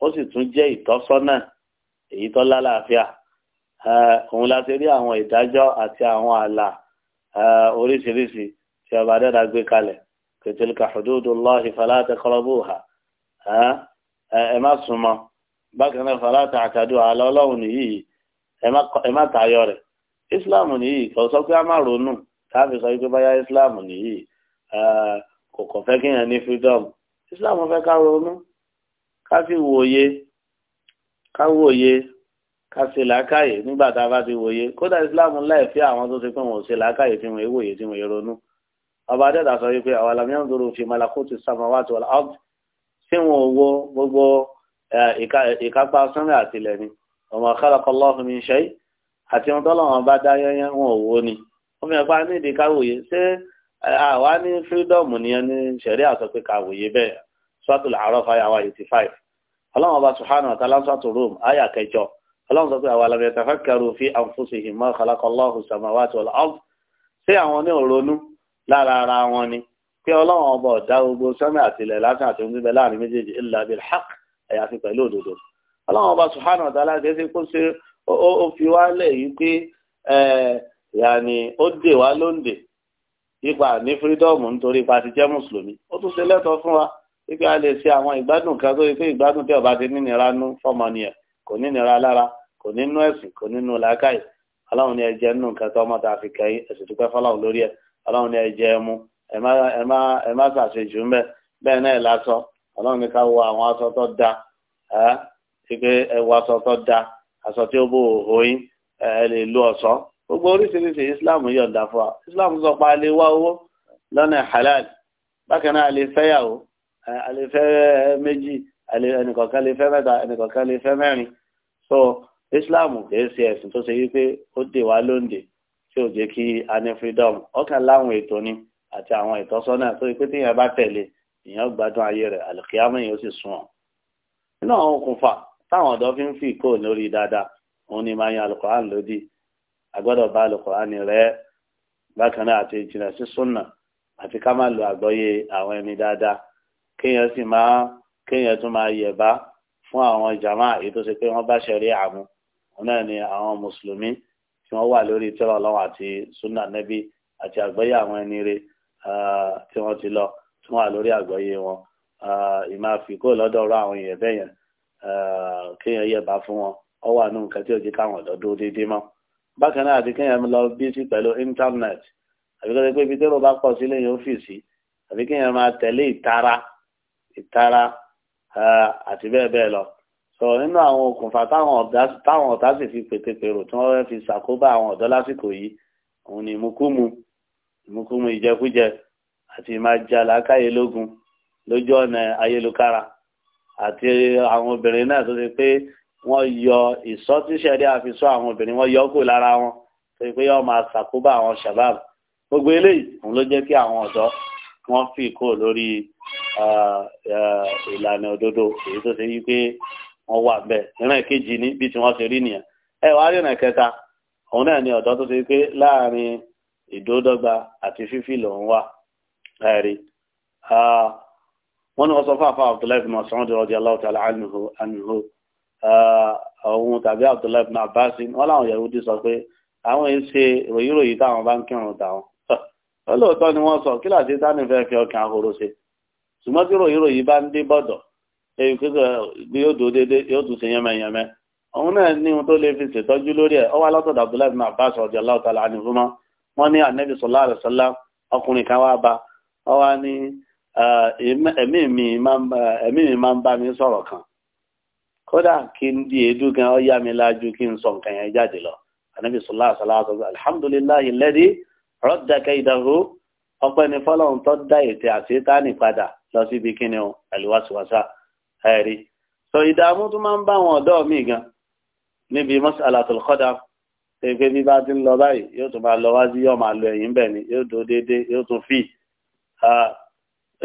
ó sì tún jẹ́ ìtọ́sọ́nà èyí tó lálàáfíà òun la ti rí àwọn ìdájọ́ àti àwọn ààlà oríṣiríṣi tí ọba dẹ́dà gbé kalẹ̀ tẹ̀tẹ̀lẹ̀kà hududullahi fala taqrabuha ẹ má súnmọ́ bákan náà fala ta'tadu ala ọlọ́run nìyí ẹ má tayọ rẹ̀ islam nìyí kò sọ pé a má ronú káfí sọ pé báyà islam nìyí kò kò fẹ́ kéèyàn ní freedom islam fẹ́ ká ronú káfí wòye ká wòye ká ṣe làákàyè nígbà tá a bá ti wòye kódà islam láì fi àwọn tó ti pé wọn ò ṣe làákàyè tí wọn èwòye tí wọn èrònú ọba adẹ́dà sọ wípé àwọn alamiyan dúró fi malakuti samawati wal ard tí wọn ò wo gbogbo ìkápá sánmẹ́ àtìlẹ̀ ni ọmọ khalakallahu min shay àti ohun tọ́lọ́wọ́n bá dá yẹ́yẹ́ wọn ò wo ni wọ́n fi hàn pa ní ìdí káwòye ṣé àwa ní fírídọ̀mù nìyẹn ní sẹ̀rí àsọ pé káwòye bẹ́ẹ̀ suratul a'raf àyà wa eighty five ọlọ́wọ́n ọba subhanahu wa ta'ala suratul rum kẹjọ ọlọ́run sọ pé àwọn lára ara wọn ni pé ọlọ́run ọba ọ̀dá gbogbo sẹ́mi àtìlẹ̀ lásán àti oúnjẹ láàrin méjèèjì illa bil haqq àyàfi pẹ̀lú òdodo ọlọ́run ọba subhanahu wa ta'ala kì í ṣe kó ṣe ó fi wá lẹ̀ yìí pé yàní ó dè wá lóǹdè ipa ní fírídọ́ọ̀mù nítorí ipa ti jẹ́ mùsùlùmí ó tún ṣe lẹ́tọ̀ọ́ fún wa wípé a lè ṣe àwọn ìgbádùn kan tó yẹ pé ìgbádùn tí ọba ti nínira nú fọmọ nìyẹn kò nínira lára kò nínú ẹ̀sìn kò nínú làákàyè aláwọn ni ẹ jẹ nínú nǹkan tó ọmọ tá fi kẹyìn ẹ̀sìn dúpẹ́ fọláwọn lórí ẹ̀ ọlọ́run ní ẹ̀jẹ̀ ẹmu ẹ má ṣàṣejù ń bẹ bẹ́ẹ̀ náà lásọ ọlọ́run ní ká wọ àwọn aṣọ tó da ẹ ti pé ẹ wọ aṣọ tó da aṣọ tí ó bò ó yín ẹ lè lo ọ̀ṣọ́ gbogbo oríṣiríṣi islam yọ̀ǹda fún wa islam sọ pé a lè wá owó lọ́nà halal bákan náà a lè fẹ́yàwó a lè fẹ́ méjì ẹnìkọ̀ọ̀kan lè fẹ́ mẹ́ta ẹnìkọ̀ọ̀kan lè fẹ́ mẹ́rin so islam kìí ṣe ẹ̀sìn tó ṣe wípé ó dè wá lóǹdè tí ò jẹ́ kí a ní freedom ọkàn láwọn ètò ni àti àwọn ìtọ́sọ́nà tó yẹ pé téèyàn bá tẹ̀lé èèyàn gbádùn ayé rẹ̀ àlùkìyàmọ̀ èèyàn sì sùn ọ̀. nínú àwọn okùnfà táwọn ọ̀dọ́ fi ń fi kó lórí dáadáa òun ni máa yan alukọ̀rán lódì agbọ́dọ̀ bá alukọ̀rán rẹ̀ bákan náà àti ìjìnlẹ̀ sí súnà àti ká má lo àgbọ́yé àwọn ẹni dáadáa kéèyàn sì máa kéèyàn tún máa yẹ̀bá fún àwọn jàmáà èyí tó ṣe pé wọ́n bá ṣẹ̀rí àmú òun náà ni àwọn mùsùlùmí tí wọ́n wà lórí tírà ọlọ́run àti sunna nẹ́bí àti àgbọ́yé àwọn ẹni rẹ̀ tí wọ́n ti lọ tí wọ́n wà lórí àgbọ́yé wọn ìmáfikó lọ́dọ̀ ọ̀rọ̀ àwọn èèyàn bẹ́ẹ̀ yẹn kéèyàn yẹ̀ bá fún wọn ọ wà nù nǹkan tí ò jẹ́ káwọn ọ̀dọ́ dúró déédéé mọ́ bákan náà àti kéèyàn lọ bí sí pẹ̀lú internet àbí kọ́ni pé ibi tẹ́lọ̀ bá pọ̀ sí lẹ́yìn ọ́fíìsì àbí kéèyàn máa tẹ̀lé ìtara ìtara àti bẹ́ẹ̀ bẹ́ẹ̀ lọ sọ̀rọ̀ nínú àwọn okùnfà táwọn ọ̀tá sì fi pètèpèrò tí wọ́n fi ṣàkóbá àwọn ọ̀dọ́ lásìkò yìí òun ni ìmukúmu ìmukúmu ìjẹkújẹ àti ìmájà làákàyè lógun lójú ọ̀nà ayélukára àti àwọn obìnrin náà tó ṣe pé wọ́n yọ ìsọtíṣẹ́rí àfisọ́ àwọn obìnrin wọ́n yọ kó lára wọn tó ṣe pé yọ máa ṣàkóbá àwọn shabab gbogbo eléyìí òun ló jẹ́ kí àwọn ọ̀dọ́ wọ́n fi kó lórí ah, ah, ìlànà òdodo èyí tó ṣe wípé wọ́n wà bẹ́ẹ̀ ìran ìkejì ní bí tí wọ́n ṣe rí nìyẹn ẹ wàá rí ìran kẹta òun náà ni ọ̀dọ́ tó ṣe pé láàrin ìdódọ́gba àti fífi lòun wà ẹ̀rí wọ́n ní wọ́n sọ fún àfáà Abdullahi bin Mas'ud radiyallahu ta'ala anhu anhu òun tàbí Abdullahi bin Abbas wọ́n láwọn Yahudi sọ pé àwọn yìí ṣe ròyìnròyìn táwọn bá ń kírun táwọn lọ́lọ́tọ́ ni wọ́n sọ kí láti tánìfẹ́ fi ọkàn ahoro ṣe ṣùgbọ́n tí ròyìnròyìn bá ń dé bọ́dọ̀ èyí pé bí yóò dúró déédéé yóò tún ṣe yẹmẹyẹmẹ òun náà ní ohun tó lè fi ṣètọ́jú lórí ẹ̀ ọ wá látọ̀dọ̀ Abdullahi bin Abbas ọ̀dì aláwọ̀tàlá àníhùmá wọn ní anabi sọlá àrẹsọlá ọkùnrin kan wá bá ọ wá ní ẹ̀mí mi máa ń bá mi sọ̀rọ̀ kan kódà kí n di èédú gan ọ yá mi lájú kí n sọ nǹkan yẹn jáde lọ anabi sọlá àrẹsọlá sọ alhamdulilayi lẹ́dí rọ́dàkẹ́ ìdáhù ọpẹ́ ni fọlọ́run tó dá ètè àti ẹ̀rí so ìdààmú tó máa ń bá àwọn ọ̀dọ́ mi gan níbi mas'alatul qadar pé bí bá ti ń lọ báyìí yóò tún máa lọ wájú yóò máa lọ ẹ̀yìn bẹ́ẹ̀ ni yóò dúró déédéé yóò tún fì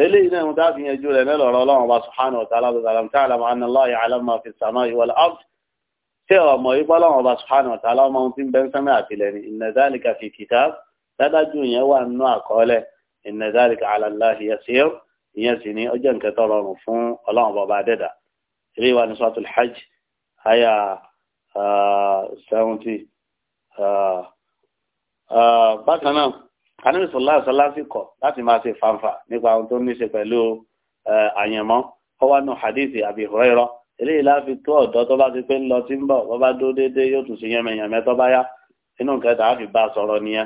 eléyìí náà tá a fi yanjú rẹ̀ nílò ọ̀rọ̀ ọlọ́run ọba subhanahu wa ta'ala bi salam ta'ala ma anna allah ya'lamu ma fi samai wal ard ṣé ọmọ yìí pọ́lọ́run ọba subhanahu wa ta'ala ọmọ tí ń bẹ ń sẹ́mẹ́ àtìlẹ̀ ni inna fi kitab dádájú yẹn wà nínú àkọọ́lẹ̀ inna dhalika ala ìyẹn si ni ọjọ́ nketa tó fun fún ọlọ́run bàbá adẹ́dà ilé wa ní sọ́tún hajj aya seventy bákan náà kaníbi sọlá sọlá sì kọ̀ láti máa se fanfa nípa ohun tó ní ṣe pẹ̀lú àyànmọ́ ọwọ́nù hadithi àbí ìhùrẹ́rọ́ eléyìí láfi to ọ̀dọ́ fi bá ti pé ń lọ tí ń bọ̀ wọ́n bá dúró déédéé yóò tún ṣe yẹmẹyẹmẹ tó bá yá inú a fi ba soro sọ̀rọ̀ to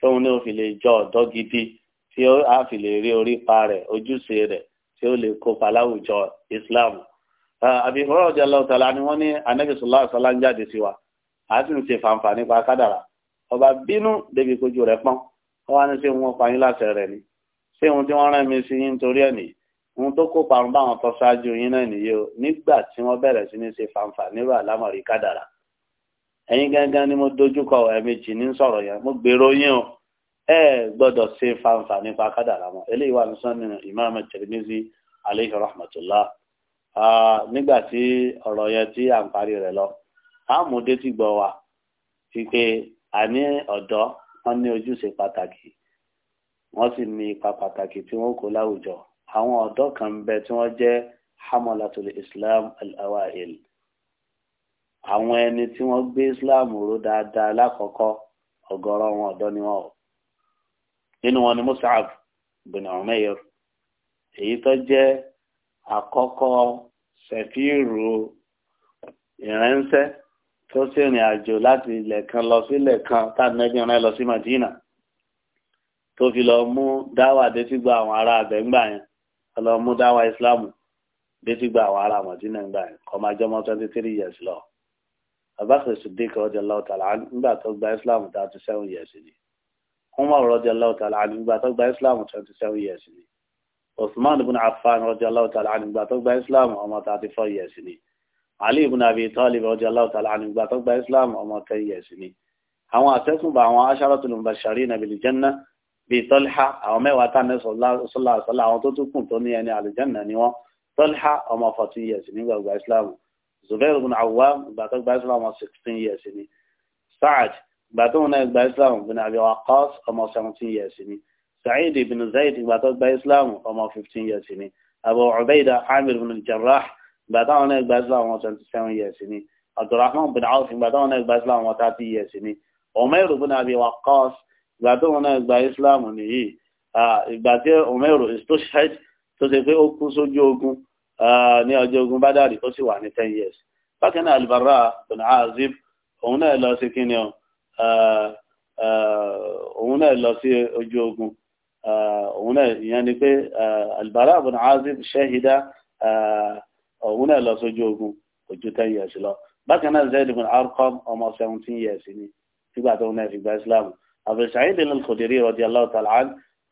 tóun ní òfin gidi tí a fi lè rí orípa rẹ̀ ojúṣe rẹ̀ tí ó lè kópa láwùjọ Islam àbí ìfọwọ́ ọjà lọ́tàlá ni wọ́n ní anabi sọlá sọlá ń jáde sí wa a sì ń ṣe fàǹfà nípa kádàrà ọba bínú débi kojú rẹ̀ pọ́n ó wá ní sí wọn pa yín láṣẹ rẹ̀ ni sí ohun tí wọ́n rán mi sí yín torí ẹ̀ nìyí ohun tó kópa ń báwọn tó ṣáájú yín náà nìyí o nígbà tí wọ́n bẹ̀rẹ̀ sí ní ṣe fàǹfà nírú àlámọ̀rí kádàrà ẹ̀yin gángan ni mo dojúkọ ẹ̀mejì ní sọ̀rọ̀ yẹn mo gbèrò yín o ẹ gbọ́dọ̀ ṣe fanfa nípa kádàrá mọ́ eléyìí wà ní sọ́nù Imam Tirmidhi aleyhi rahmatullah nígbà tí ọ̀rọ̀ yẹn tí à ń parí rẹ̀ lọ a mú détí gbọ́ wa fi pé àní ọ̀dọ́ wọn ní ojúṣe pàtàkì wọn sì ní ipa pàtàkì tí wọn kó láwùjọ àwọn ọ̀dọ́ kan ń bẹ tí wọ́n jẹ́ hamalatul islam al àwọn ẹni tí wọ́n gbé islam ró dáadáa lákọ̀ọ́kọ́ ọ̀gọ̀rọ̀ wọn ọ̀dọ́ ni wọn ò nínú wọn ni Mus'ab bin Umair èyí tó jẹ́ àkọ́kọ́ sẹ̀fíìrù ìrẹ́nsẹ́ tó to àjò láti ilẹ kan lọ ilẹ kan tánàbí ọ̀rẹ́ lọ sí Madina tó fi lọ mú dáwà détígbà àwọn ará àbẹ̀ngbà lọ mú dáwà Islam détígbà àwọn ará Madina gbà yẹn kọ́ máa years lọ Abubakar Siddiq nígbà tó gba Islam years ni. Umar radiyallahu ta'ala anhu nígbà tó gba Islam twenty seven years ni Usman ibn Affan radiyallahu ta'ala anhu nígbà tó gba Islam ọmọ thirty four years ni Ali ibn Abi Talib radiyallahu ta'ala anhu nígbà tó gba Islam ọmọ ten years ni àwọn àtẹ́sùnbà àwọn asharatul mubashirina bil janna bíi Talha àwọn mẹ́wàá tá ní sọlá sọlá àwọn tó tún kùn tó ní ẹni àlùjànnà ni wọ́n Talha ọmọ fourteen years nígbà gba Islam Zubair ibn Awwam ìgbà tó gba years ni Sa'ad ìgbà tó wọn náà gba islam bin abi waqas ọmọ seventeen years ni sa'id bin zayd ìgbà tó gba islam ọmọ fifteen years ni abu ubaida amir bin jarrah ìgbà táwọn náà gba islam ọmọ twenty seven years ni abdulrahman bin awf ìgbà táwọn náà gba islam ọmọ thirty years ni umair bin abi waqas ìgbà tó wọn náà gba islam nìyí ìgbà tí umair istoshhad tó ṣe pé ó kú sójú ogun ní ọjọ́ ogun bádàrí ó sì wà ní ten years bákan náà alibara bin azib òun náà lọ sí kíni o òun náà lọ sí ojú ogun òun náà ìyẹn ni pé Al-Bara ibn Azib shahida òun náà lọ sójú ogun ojú ten years lọ bákan náà Zayd ibn Arqam ọmọ seventeen years ni nígbà tó náà fi gba Islam Abu Sa'id al-Khudri radiyallahu ta'ala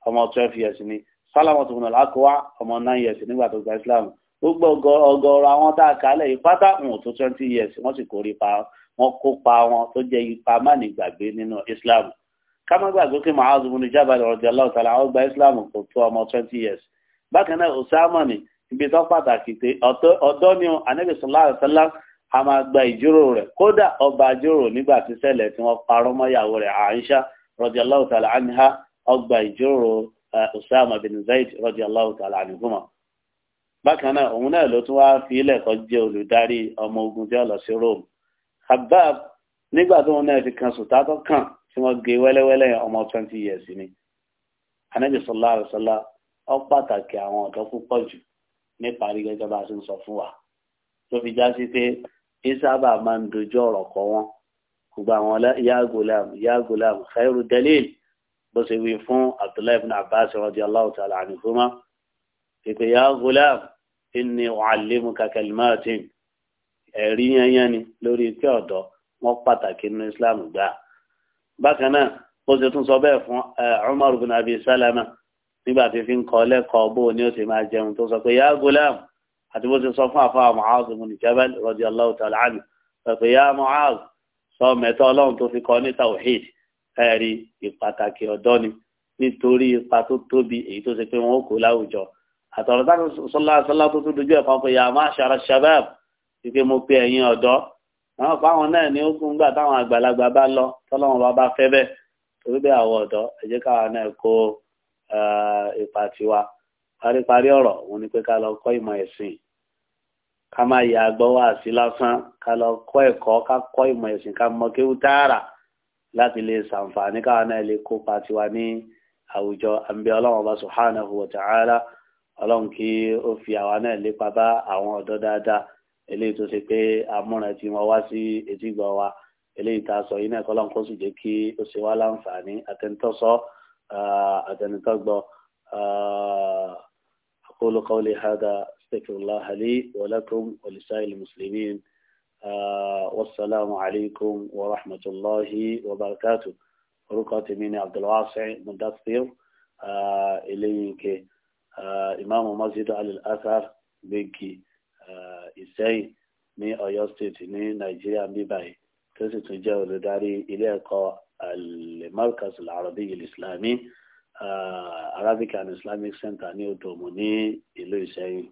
ọmọ twelve years ni Salamatu ibn al-Akwa ọmọ nine years nígbà tó gba Islam gbogbo ọgọrọ àwọn tá a kà á lẹ́yìn pátá wọn tó twenty years wọn sì kórè pa wọ́n kópa wọn tó ma ipa mánìgbàgbé nínú Islam ká má gbàgbé pé Mu'adh ibn Jabal radiyallahu ta'ala ó gba Islam kò tó ọmọ twenty years bákan náà ibi tó pàtàkì pé ọdọ ni Ànábì sallallahu alaihi a máa gba ìjíròrò kódà ọba jíròrò nígbà tí tí wọ́n rẹ̀ Aisha habab nígbà tó wọn náà fi kan sùtá tó kàn tí wọn gé wẹ́lẹ́wẹ́lẹ́ ọmọ twenty years ni anabi sallallahu alaihi wasallam ó pàtàkì àwọn ọ̀dọ́ púpọ̀ jù níparí gẹ́gẹ́ bá a ṣe ń sọ fún wa tó fi já sí pé ìsábà máa ń dojú ọ̀rọ̀ kọ wọn gbogbo àwọn ya gulam ya gulam khairu dalil bó ṣe wí fún abdullahi ibn abbas radiyallahu ta'ala anhuma ìpè ya gulam inni u'allimuka kalimatin. ẹ̀rí yányán ni lórí pé ọ̀dọ́ wọn pàtàkì nínú islam gbà bákan náà ó ṣe tún sọ bẹ́ẹ̀ fún eh, Umar bin Abi Salama nígbà tí fi ń kọ́ lẹ́kọ̀ọ́ bó ni ó ṣe máa jẹun tó sọ pé ya gulam àti bó ṣe sọ fún àfa Mu'az bin Jabal radiyallahu ta'ala anhu sọ pé ya Mu'az sọ mẹ́tọ́ ọlọ́run tó fi kọ́ ní tawhid ìpàtàkì ni nítorí ipa tó tóbi èyí tó ṣe pé wọn ó kó láwùjọ táwọn sọlá sọlá ya wípé mo pe ẹ̀yin ọ̀dọ́ àwọn fáwọn náà ní ókùn gbà táwọn àgbàlagbà bá lọ tọ́lọ́wọ́n bá bá fẹ́ bẹ́ẹ̀ torí bẹ́ẹ̀ àwọn ọ̀dọ́ ẹ jẹ́ káwa náà kó ipa tiwa paríparí ọ̀rọ̀ òun ni pé ká lọ kọ́ ìmọ̀ ẹ̀sìn ká má yà gbọ́wọ́ àti lásán ká lọ kọ́ ẹ̀kọ́ ká kọ́ ìmọ̀ ẹ̀sìn ká mọ kéwú tààrà láti lè ṣàǹfààní káwa náà lè kópa tiwa ní àwùjọ àǹbẹ ọlọ́run ọba subhanahu wa ta'ala ọlọ́run kí ó fi àwa náà lépa bá àwọn ọ̀dọ́ dáadáa eléyìí tó ṣe pé amúnà tí wọ́n wá sí etígbọ̀ wa eléyìí tá a sọ yìí náà kọ́ lọ́nkọ́ sì jẹ́ kí ó ṣe wá láǹfààní àtẹnitọ́sọ àtẹnitọ́gbọ́ أقول قولي هذا استغفر الله لي ولكم ولسائر المسلمين والسلام عليكم ورحمة الله وبركاته orúkọ tèmi ni abdulwasi mudathir eléyìí nke imaamu masjid al-athar gbẹ̀gì ìsẹ́yìn uh, ní ọ̀yọ́ state ní nàìjíríà ń bí báyìí tó sì tún jẹ́ olùdarí ilé ẹ̀kọ́ al-markaz arabi al-islami uh, arabic and islamic center ní odòmù ní ìlú ìsẹ́yìn.